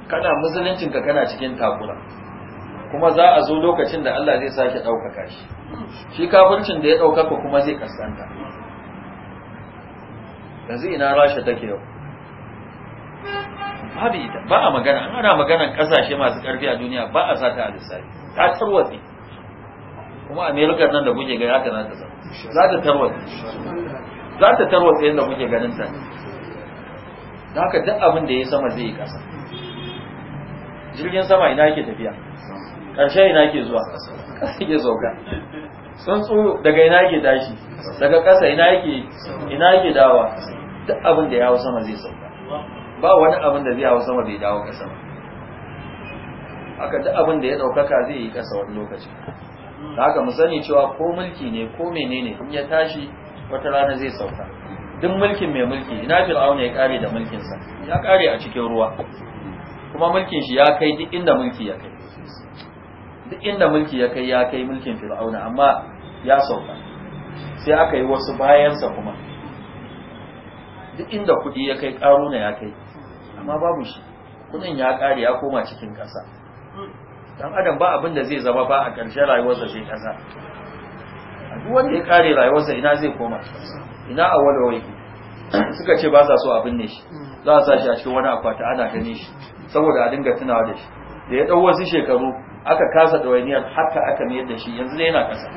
kana musuluncin ka kana cikin takura kuma za a zo lokacin da Allah zai sake daukaka shi shi kafircin da ya ka kuma zai kasanta yanzu ina rasha take yau babu ita ba a magana ana maganan kasashe masu ƙarfi a duniya ba a sata a lissafi ta tarwatsi kuma america nan da kuke gani haka nan ta za ta tarwata za ta tarwata yadda kuke ganin ta da haka duk abin da ya sama zai yi kasa jirgin sama ina yake tafiya Ƙarshen ina yake zuwa ƙasa yake sauka tsoro daga ina yake tashi daga ƙasa ina yake ina yake dawa duk abin da ya hau sama zai sauka ba wani abin da zai hau sama bai dawo ƙasa ba haka duk abin da ya ɗaukaka zai yi ƙasa wani lokaci haka mu sani cewa ko mulki ne ko menene in ya tashi wata rana zai sauka duk mulkin mai mulki ina fir'aun ya kare da mulkinsa ya kare a cikin ruwa kuma mulkin shi ya kai duk inda mulki ya kai duk inda mulki ya kai ya kai mulkin fir'auna amma ya sauka sai aka yi wasu bayansa kuma duk inda kuɗi ya kai ƙaruna ya kai amma babu shi kuɗin ya kare ya koma cikin ƙasa dan adam ba abin da zai zama ba a ƙarshen rayuwarsa sai kaza duk wanda ya kare rayuwarsa ina zai koma ina a wani wani suka ce ba sa so abin ne shi za a sa shi a cikin wani akwati ana ganin shi saboda a dinga tunawa da shi da ya ɗau wasu shekaru aka kasa ɗawainiyar haka aka mayar da shi yanzu ne yana kasa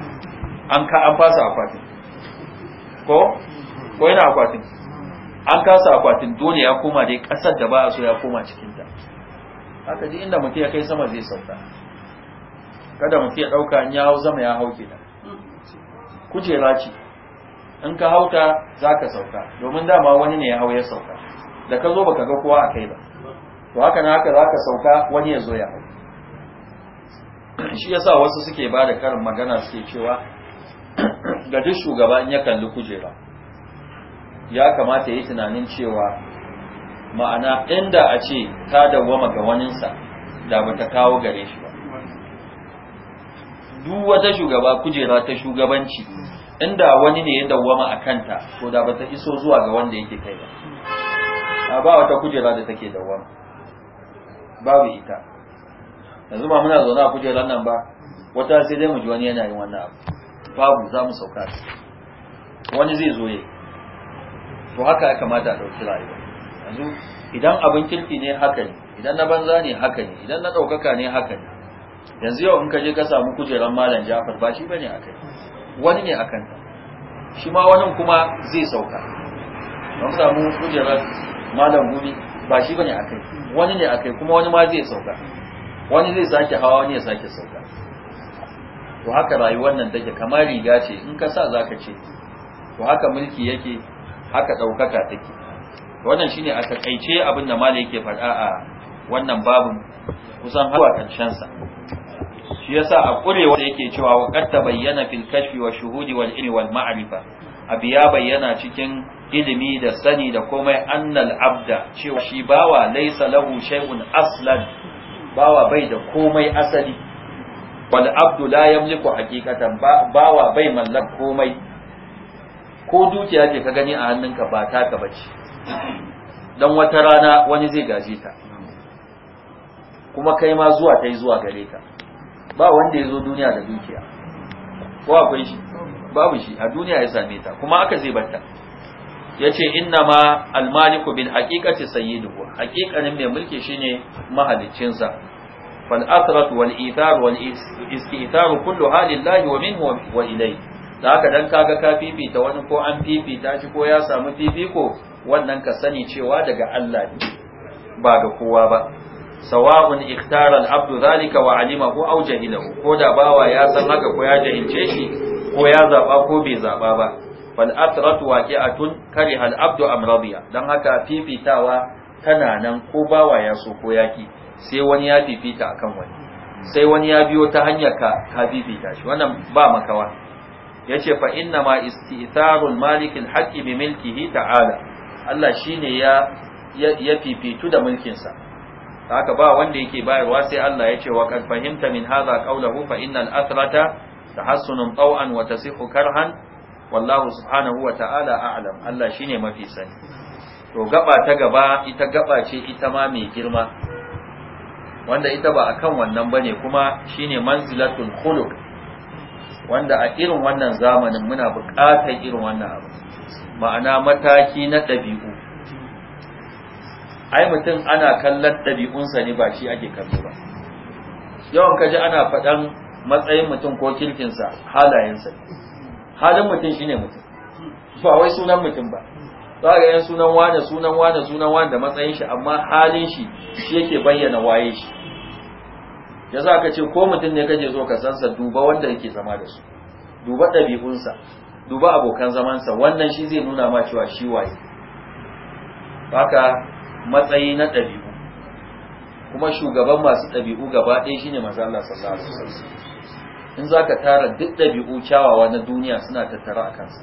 an ka an fasa akwatin ko ko yana akwatin an kasa akwatin dole ya koma dai ƙasar da ba a so ya koma cikinta haka ji inda mutum ya kai sama zai sauka kada mutum ya ɗauka in ya hau zama ya hau ke kujera ce in ka hauta za ka sauka domin dama wani ne ya hau ya sauka da ka zo ba ka ga kowa a kai ba to haka na haka za ka sauka wani ya zo ya hau shi yasa wasu suke ba da karin magana suke cewa ga duk shugaba in ya kalli kujera ya kamata ya yi tunanin cewa ma'ana inda a ce ta dawwama ga waninsa da ba ta kawo gare shi ba duk wata shugaba kujera ta shugabanci inda wani ne ya dawwama a kanta ko da ba ta iso zuwa ga wanda yake kai ba A ba wata kujera da take dawwama babu ita yanzu ba muna zaune a kujerar nan ba wata sai dai mu ji wani yana yin wannan abu babu za mu sauka wani zai zo ya to haka ya kamata a ɗauki rayuwa yanzu idan abin kirki ne haka ne idan na banza ne haka ne idan na ɗaukaka ne haka ne yanzu yau in ka je ka samu kujerar malam jafar ba shi bane akai wani ne akan kanta, shi ma wani kuma zai sauka don samu kujerar malam gumi ba shi bane akai wani ne akai kuma wani ma zai sauka wani zai sake hawa wani ya sake sauka to haka rayuwar nan take kamar riga ce in ka sa zaka ce to haka mulki yake haka ɗaukaka take wannan shine a takaice abin da malai yake faɗa a wannan babin kusan har ƙarshen sa shi yasa a kure wanda yake cewa wa qatta bayyana fil kashfi wa shuhudi wal ilmi wal ma'rifa abi ya bayyana cikin ilimi da sani da komai annal abda cewa shi bawa laysa lahu shay'un aslan bawa bai da komai asali wal abdu la yamliku haqiqatan bawa bai mallak komai ko dukiya ce ka gani a hannunka ba taka bace dan wata rana wani zai gaje ta kuma kai ma zuwa ta yi zuwa gare ka ba wanda ya zo duniya da dukiya ko akwai shi babu shi a duniya ya same ta kuma aka zai batta ya ce inna ma almaliku bin haƙiƙaci sayyiduhu haƙiƙanin mai mulki shine mahaliccinsa fal asrat wal ithar wal istithar kullu halillahi wa minhu wa ilayhi da haka dan kaga ka fifita wani ko an fifita shi ko ya samu fifiko wannan ka sani cewa daga Allah ne ba ga kowa ba sawa'un ikhtara al-abdu dhalika wa ko aw ko da bawa ya san haka ko ya jahilce shi ko ya zaba ko bai zaba ba fal atrat waqi'atun kariha al-abdu am radiya dan haka fifitawa tana nan ko bawa ya so ko yaki sai wani ya fifita akan wani sai wani ya biyo ta hanyar ka ka fifita shi wannan ba makawa yace fa inna ma istitharul malikil haqqi bi milkihi ta'ala Allah shine ya ya fifitu da mulkinsa haka ba wanda yake bayarwa sai Allah ya ce wa kad fahimta min hadha qawluhu fa innal ta tahassunun ɓau'an wata tasihhu karhan wallahu subhanahu wa ta'ala a'lam Allah ne mafi sani to gaba ta gaba ita gaba ce ita ma mai girma wanda ita ba kan wannan bane kuma shine manzilatul khuluq wanda a irin wannan zamanin muna buƙatar irin wannan abu ma'ana mataki na ɗabi'u ai mutum ana kallon ɗabi'unsa ne ba shi ake kallo ba yawan kaji ana faɗan matsayin mutum ko kirkinsa halayensa halin mutum shine mutum ba wai sunan mutum ba za ga yan sunan wane sunan wane sunan wane da matsayin shi amma halin shi shi yake bayyana waye shi ya za ka ce ko mutum ne kaje zo ka sansa duba wanda yake zama da su duba ɗabi'unsa duba abokan zamansa wannan shi zai nuna ma cewa shi waye haka matsayi na ɗabi'u kuma shugaban masu ɗabi'u gaba ɗaya shine manzo Allah sallallahu alaihi wasallam in zaka tara duk ɗabi'u kyawawa na duniya suna tattara a kansa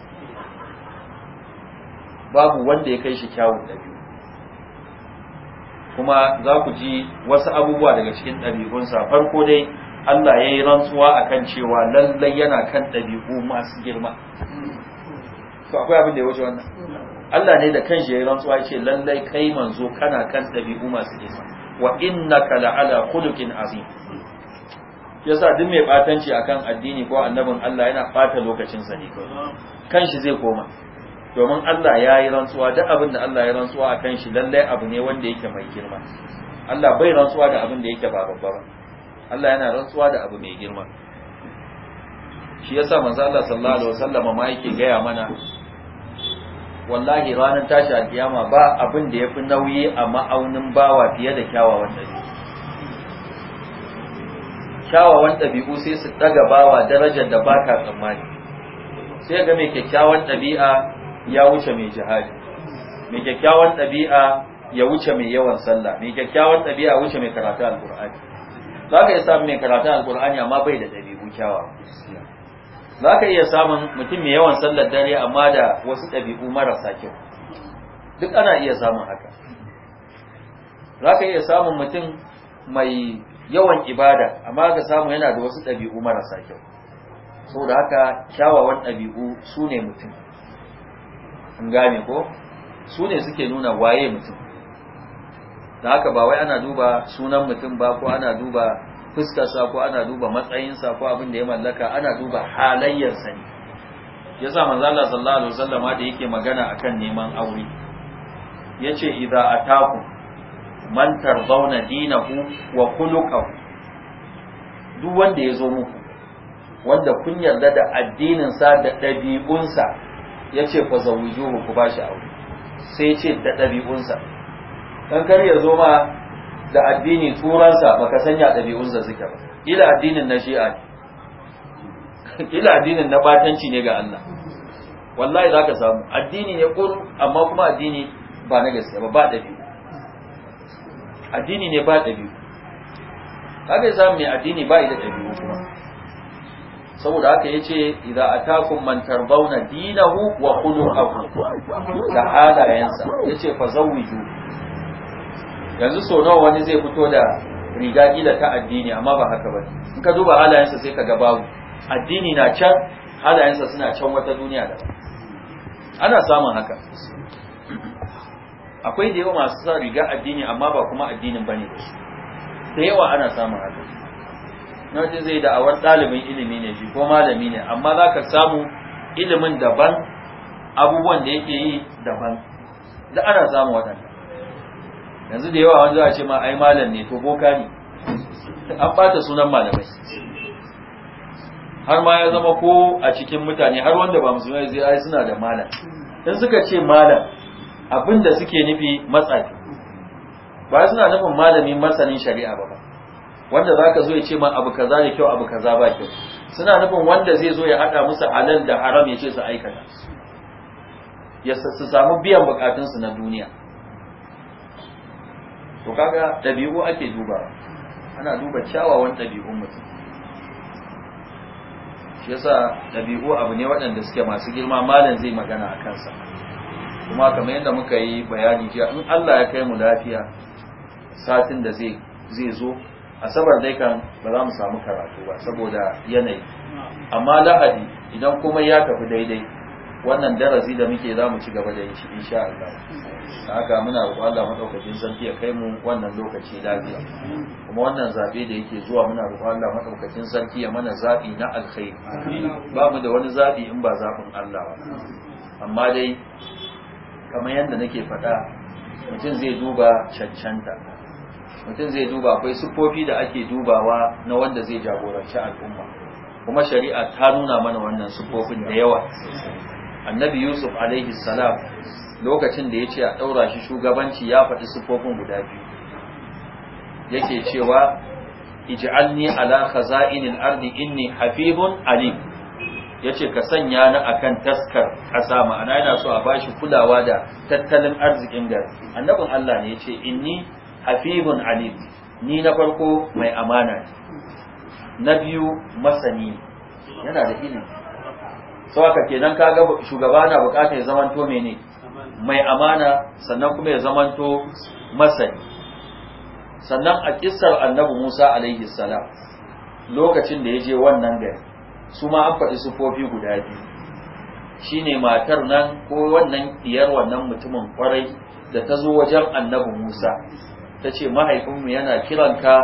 babu wanda ya kai shi kyawun ɗabi'u kuma za ku ji wasu abubuwa daga cikin ɗabi'unsa farko dai Allah ya yi rantsuwa a kan cewa lallai yana kan ɗabi'u masu girma to akwai abin da ya wuce wannan Allah ne da kan shi ya yi rantsuwa ya ce lallai kai manzo kana kan ɗabi'u masu girma wa innaka la'ala khuluqin azim yasa duk mai ɓatanci a kan addini ko annabin Allah yana ɓata lokacin ne. Kan shi zai koma domin Allah ya yi rantsuwa duk abin da Allah ya rantsuwa a kan shi lallai abu ne wanda yake mai girma Allah bai rantsuwa da abin da yake ba babba ba Allah yana rantsuwa da abu mai girma shi yasa manzo Allah sallallahu alaihi wasallam ma yake gaya mana wallahi ranar tashi alkiyama ba abin da yafi nauyi a ma'aunin bawa fiye da kyawawan dabi'u kyawawan dabi'u sai su daga bawa darajar da ba ka tsammani sai ga mai kyakkyawan dabi'a ya wuce mai jihadi mai kyakkyawan dabi'a ya wuce mai yawan sallah mai kyakkyawan dabi'a wuce mai karatu alqur'ani za ka iya samun mai karatun alkur'ani amma bai da ɗabi'u kyawa za ka iya samun mutum mai yawan sallar dare amma da wasu ɗabi'u marasa kyau duk ana iya samun haka za ka iya samun mutum mai yawan ibada amma ka samu yana da wasu ɗabi'u marasa kyau saboda haka kyawawan ɗabi'u su ne mutum an gane ko su suke nuna waye mutum da haka ba wai ana duba sunan mutum ba ko ana duba fuskarsa ko ana duba matsayinsa ko abin da ya mallaka ana duba halayyarsa ne yasa manzo Allah sallallahu alaihi wasallama da yake magana akan neman aure yace idza ataku man tardawna dinahu wa khuluquhu duk wanda ya zo muku wanda kun yarda da addinin sa da ɗabi'unsa ya ce ku zawujuhu ku ba aure sai ce da ɗabi'unsa dan kar ya zo ma da addini turansa baka sanya ɗabi'unsa suke ba ila addinin na shi'a ne ila addinin na batanci ne ga Allah wallahi za ka samu addini ne kuru amma kuma addini ba na gaskiya ba ba ɗabi'u addini ne ba ɗabi'u ka za mu mai addini ba da ɗabi'u kuma saboda haka ya ce idan a takun mantar bauna dinahu wa kudu abu da halayensa ya ce fa zauwi yanzu sau nawa wani zai fito da riga gida ta addini amma ba haka ba in ka duba halayensa sai ka gaba addini na can halayensa suna can wata duniya da ana samun haka akwai da yawa masu sa riga addini amma ba kuma addinin bane da shi da yawa ana samun haka na wajen zai da'awar ɗalibin ilimi ne shi ko malami ne amma za ka samu ilimin daban abubuwan da yake yi daban da ana samun waɗanda yanzu da yawa wanda a ce ma ai malam ne to boka ne an bata sunan malamai har ma ya zama ko a cikin mutane har wanda ba musulmai zai ai suna da malam in suka ce malam abin da suke nufi matsafi ba suna nufin malamin masanin shari'a ba wanda za ka zo ya ce ma abu kaza da kyau abu kaza ba kyau suna nufin wanda zai zo ya haɗa musu halal da haram ya ce su aikata ya su samu biyan bukatunsu na duniya to kaga ɗabi'u ake duba ana duba kyawawan ɗabi'un mutum shi yasa ɗabi'u abu ne waɗanda suke masu girma malam zai magana a kansa kuma kamar yadda muka yi bayani jiya in Allah ya kai mu lafiya satin da zai zo asabar dai kan ba za mu samu karatu ba saboda yanayi amma lahadi idan kuma ya tafi daidai wannan darasi da muke za mu ci gaba da shi insha Allah haka muna roƙon Allah madaukakin sarki ya kai mu wannan lokaci lafiya kuma wannan zabe da yake zuwa muna roƙon Allah madaukakin sarki ya mana zabi na alkhairi ba mu da wani zabi in ba zabin Allah ba amma dai kamar yadda nake faɗa mutum zai duba cancanta mutum zai duba akwai siffofi da ake dubawa na wanda zai jagoranci al'umma kuma shari'a ta nuna mana wannan siffofin da yawa annabi yusuf alaihi salam lokacin da ya ce a ɗaura shi shugabanci ya faɗi siffofin guda biyu yake cewa ij'alni ala khaza'inil ardi inni hafibun alim yace ka sanya ni akan taskar ƙasa ma'ana yana so a bashi kulawa da tattalin arzikin gari annabin Allah ne yace inni hafibun alim ni na farko mai amana na biyu masani yana da ilimi sauka kenan ga shugaba na bukatar ya zamanto mene mai amana sannan kuma ya zamanto masani sannan a kissar annabi Musa alaihi salam lokacin da ya je wannan gari su ma an faɗi sufofi guda biyu shine matar nan ko wannan diyar wannan mutumin kwarai da ta zo wajen annabi Musa ta ce mahaifinmu yana kiranka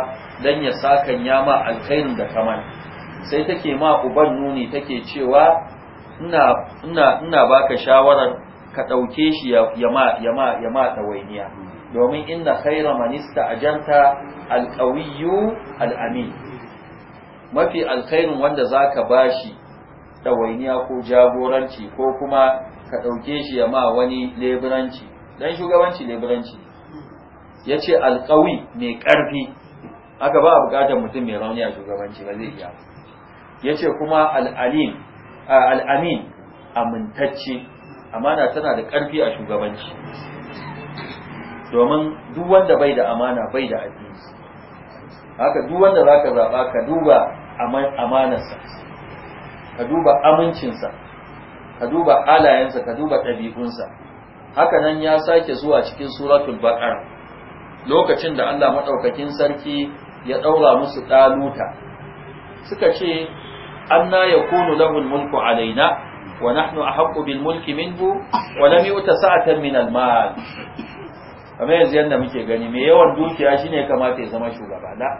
don ya sakan ya ma alkhairin da kamar sai take ma uban nuni take cewa ina baka shawarar ka ɗauke shi ya ma ɗawainiya domin inna khaira manista ajanta alƙawiyu al'amin mafi alkhairin wanda zaka bashi ba ɗawainiya ko jagoranci ko kuma ka ɗauke shi ya ma wani leburanci dan shugabanci leburanci ya ce mai ƙarfi aka ba a mutum mai rauni a shugabanci ba zai iya ya kuma al'alim al'amin amintacce amana tana da ƙarfi a shugabanci domin duk wanda bai da amana bai da addini haka duk wanda za ka zaɓa ka duba amanarsa ka duba amincinsa ka duba alayensa, ka duba ɗabi'unsa haka nan ya sake zuwa cikin suratul baqara lokacin da Allah maɗaukakin sarki ya ɗaura musu ɗaluta suka ce anna Kulu lahu mulku alaina wa a ahaqqu bil mulki minhu wa lam yuta amma yanzu yanda muke gani me yawan dukiya shine kamata ya zama shugaba da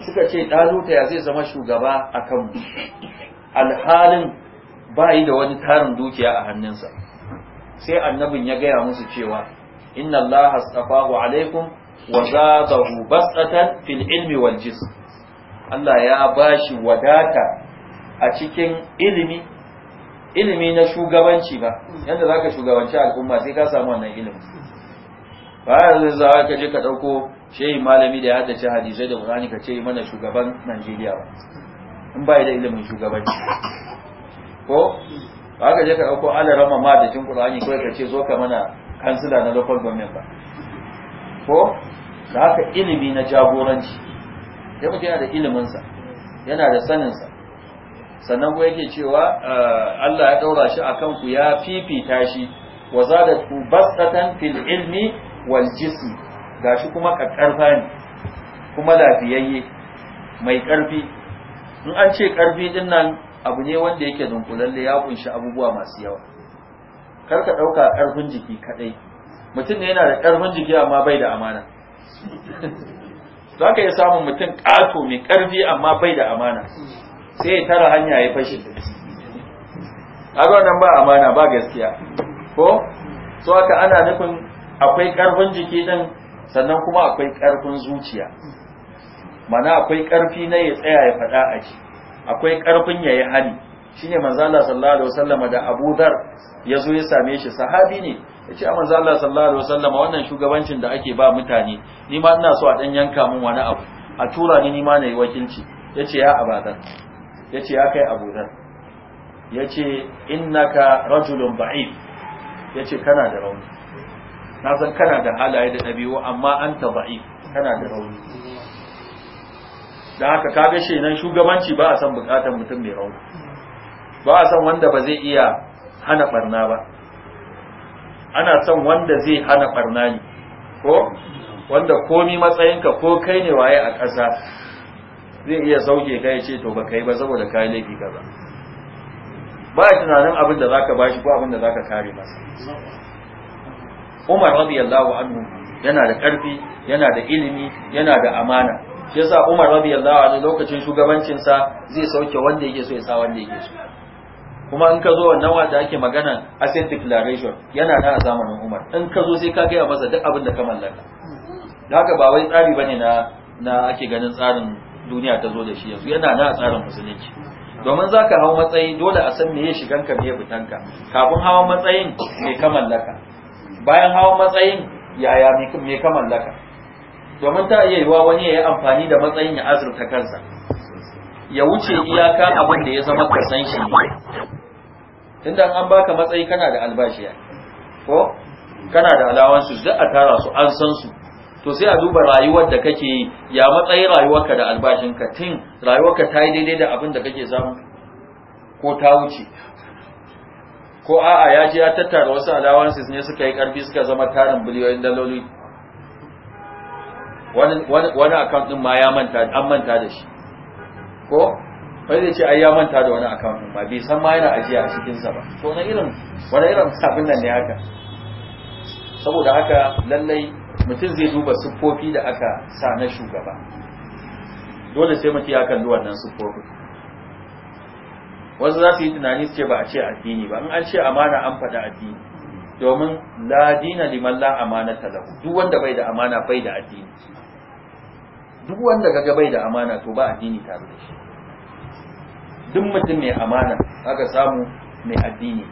suka ce daluta ya zai zama shugaba a kan alhalin bayi da wani tarin dukiya a hannunsa sai annabin ya gaya musu cewa inna allaha astafahu alaikum wa zadahu basatan fil ilmi wal jism Allah ya bashi wadata a cikin ilimi ilimi na shugabanci ba yadda za ka shugabanci al'umma sai ka samu wannan ilimi ba ya zai za ka je ka ɗauko shehi malami da ya haddace hadisai da ƙurani ka ce mana shugaban najeriya ba in ba da ilimin shugabanci ko ba ka je ka ɗauko alarama ma da jin ƙurani kawai ka ce zo ka mana kansila na local government ba ko da haka ilimi na jagoranci ya yana da iliminsa yana da saninsa sannan kuma yake cewa eh, Allah ya daura shi akan ku ya fifita shi wa ku basatan fil ilmi wal jismi gashi kuma kakkarfa ne kuma lafiyayye mai karfi in an ce karfi din nan abu ne wanda yake dunkulalle ya kunshi abubuwa masu yawa kar ka dauka karfin jiki kadai mutum ne yana da karfin jiki amma bai da amana za ka iya samun mutum ƙato mai ƙarfi amma bai da amana sai ya tara hanya ya fashe kaga wannan ba amana ba gaskiya ko so haka ana nufin akwai karfin jiki din sannan kuma akwai karfin zuciya mana akwai karfi na ya tsaya ya faɗa a ci akwai karfin ya yi hani shine manzo Allah sallallahu alaihi wasallam da Abu ya zo ya same shi sahabi ne yace manzo Allah sallallahu alaihi wasallam wannan shugabancin da ake ba mutane ni ma ina so a dan yanka min wani abu a tura ni ni ma yi wakilci yace ya abadan ya ce ya kai abu zar ya ce innaka rajulun ba'id ya ce kana da rauni na san kana da halaye da ɗabi'u amma an ta ba'id kana da rauni da haka kaga nan shugabanci ba a san bukatar mutum mai rauni ba a san wanda ba zai iya hana barna ba ana son wanda zai hana barna ne ko wanda komi matsayinka ko kai ne waye a ƙasa zai iya sauke ka ce to ba yi ba saboda kai laifi kaza ba ya tunanin abin da zaka bashi ko abin da zaka kare masa Umar radiyallahu anhu yana da ƙarfi yana da ilimi yana da amana shi yasa Umar radiyallahu anhu lokacin shugabancin sa zai sauke wanda yake so ya sa wanda yake so kuma in ka zo wannan wanda ake magana asset declaration yana da a zamanin Umar in ka zo sai ka ga masa duk abin da ka mallaka da haka ba wai tsari bane na na ake ganin tsarin duniya ta zo da shi yanzu yana da tsarin musulunci domin za ka hau matsayi dole a san meye shiganka meye fitanka kafin hawa matsayin me ka mallaka bayan hawa matsayin yaya me ka mallaka domin ta iya yiwa wani ya yi amfani da matsayin ya azurta kansa ya wuce iyaka abin da ya zama ka san shi tunda an baka matsayi kana da albashi ko kana da alawansu duk a tara su an san su to sai a duba rayuwar da kake yi ya matsayi rayuwarka da albashinka tun rayuwarka ta yi daidai da abin da kake samu ko ta wuce ko a'a ya ji ya tattara wasu allowances ne suka yi karfi suka zama tarin biliyoyin daloli wani account din ma ya manta an manta da shi ko wani zai ce ai ya manta da wani account din ma bai san ma yana ajiya a cikin sa ba to na irin wani irin sabin nan ne haka saboda haka lallai mutum zai duba siffofi da aka sa na shugaba dole sai mutum ya kalli wannan siffofin wasu za su yi tunani su ce ba a ce addini ba in an ce amana an faɗi addini domin la dina liman la amana lahu duk wanda bai da amana bai da addini duk wanda kaga bai da amana to ba addini tare da shi duk mutum mai amana aka samu mai addini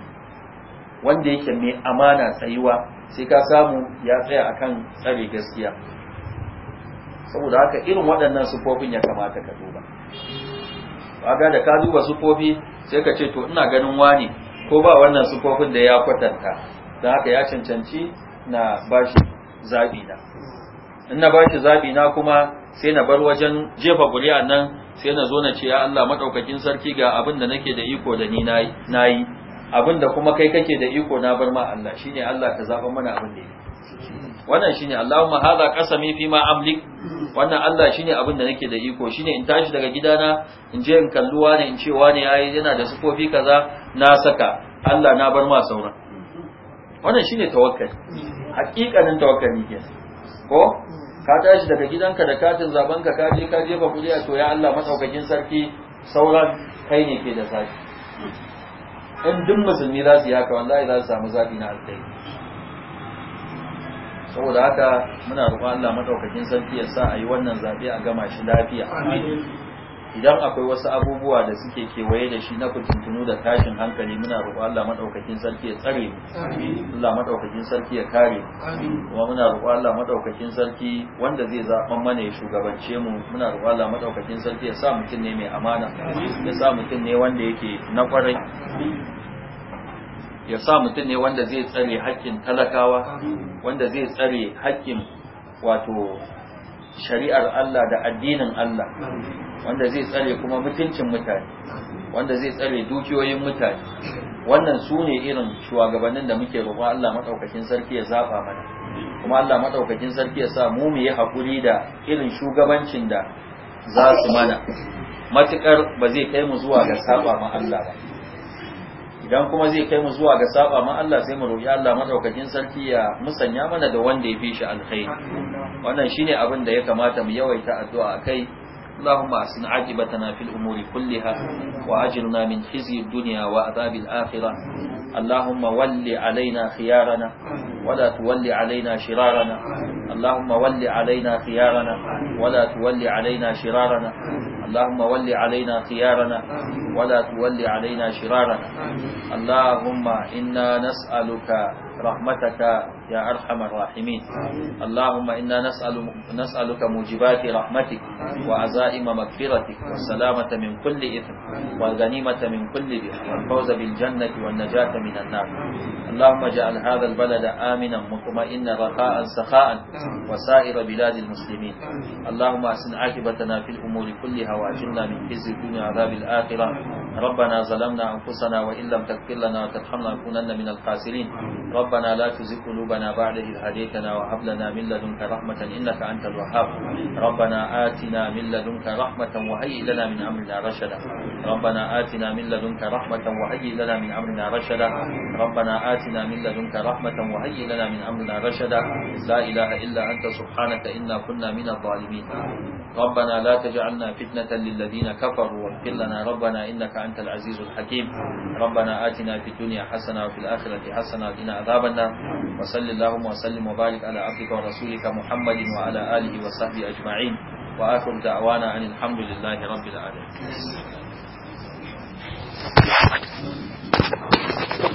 wanda yake mai amana tsayuwa sai ka samu ya tsaya akan tsare gaskiya saboda haka irin waɗannan sufofin ya kamata ka duba kaga da ka duba sufofi sai ka ce to ina ganin wani ko ba wannan sufofin da ya kwatanta don haka ya cancanci na bashi zabi na in na bashi zabi na kuma sai na bar wajen jefa ƙuri'a nan sai na zo na ce ya Allah maɗaukakin sarki ga abin da nake da iko da ni nayi abinda kuma kai kake da iko na bar ma Allah shine Allah ka zaba mana abin da yake wannan shine Allahumma hadha qasami fi ma amlik wannan Allah shine abin da nake da iko shine in tashi daga gidana in je in kalluwa ne in ce wani yayi yana da sufofi kaza na saka Allah na bar ma saura wannan shine tawakkali hakikanin tawakkali ke ko ka tashi daga gidanka da katin zaben ka ka je ka jefa kuriya to ya Allah madaukakin sarki sauran kai ne ke da sashi in duk musulmi za su yi haka wallahi za su samu zaɓi na alkhairi saboda haka muna roƙon Allah madaukakin sarki ya sa a yi wannan zaɓe a gama shi lafiya idan akwai wasu abubuwa da suke kewaye da shi na kutuntunu da tashin hankali muna roƙo Allah madaukakin sarki ya tsare mu Allah madaukakin sarki ya kare mu kuma muna roƙo Allah madaukakin sarki wanda zai zaɓan mana ya shugabance mu muna roƙo Allah madaukakin sarki ya sa mutum ne mai amana ya sa mutum ne wanda yake na kwarai ya sa mutum ne wanda zai tsare haƙƙin talakawa wanda zai tsare haƙƙin wato shari'ar Allah da addinin Allah wanda zai tsare kuma mutuncin mutane wanda zai tsare dukiyoyin mutane wannan su ne irin shugabannin da muke roƙon Allah maɗaukakin sarki ya zaɓa mana kuma Allah maɗaukakin sarki ya sa mu yi haƙuri da irin shugabancin da za su mana matuƙar ba zai kai mu zuwa ga saɓa ma Allah ba idan kuma zai kai mu zuwa ga saɓa ma Allah sai mu roƙi Allah maɗaukakin sarki ya musanya mana da wanda ya fi shi alkhairi wannan shine abin da ya kamata mu yawaita addu'a akai اللهم أحسن عاقبتنا في الأمور كلها وأجرنا من خزي الدنيا وعذاب الآخرة اللهم ول علينا خيارنا ولا تول علينا شرارنا اللهم ول علينا خيارنا ولا تول علينا شرارنا اللهم ول علينا خيارنا ولا تول علينا شرارنا اللهم إنا نسألك رحمتك ya arhamar rahimi Allahumma inna nas'aluka mujibati rahmatik wa azaima magfiratik wa salamata min kulli ithm wa ganimata min kulli bi wa fawza bil jannati wan najata min annar Allahumma ja'al hadha al balada aminan mutma'inna raqa'an sakha'an wa sa'ir bilad al muslimin Allahumma asin akibatana fil umuri kulliha wa ajinna min khizyi dunya adhab al akhirah ربنا ظلمنا انفسنا وان لم تغفر لنا وترحمنا لنكونن من الخاسرين ربنا لا تزغ قلوبنا ربنا بعد إذ هديتنا وهب لنا من لدنك رحمة إنك أنت الوهاب ربنا آتنا من لدنك رحمة وهيئ لنا من أمرنا رشدا ربنا آتنا من لدنك رحمة وهيئ لنا من أمرنا رشدا ربنا آتنا من لدنك رحمة وهيئ لنا من أمرنا رشدا لا إله إلا أنت سبحانك إنا كنا من الظالمين ربنا لا تجعلنا فتنة للذين كفروا واغفر لنا ربنا إنك أنت العزيز الحكيم ربنا آتنا في الدنيا حسنة وفي الآخرة حسنة وقنا عذاب النار وصل اللهم وسلم وبارك على عبدك ورسولك محمد وعلى آله وصحبه أجمعين وآخر دعوانا أن الحمد لله رب العالمين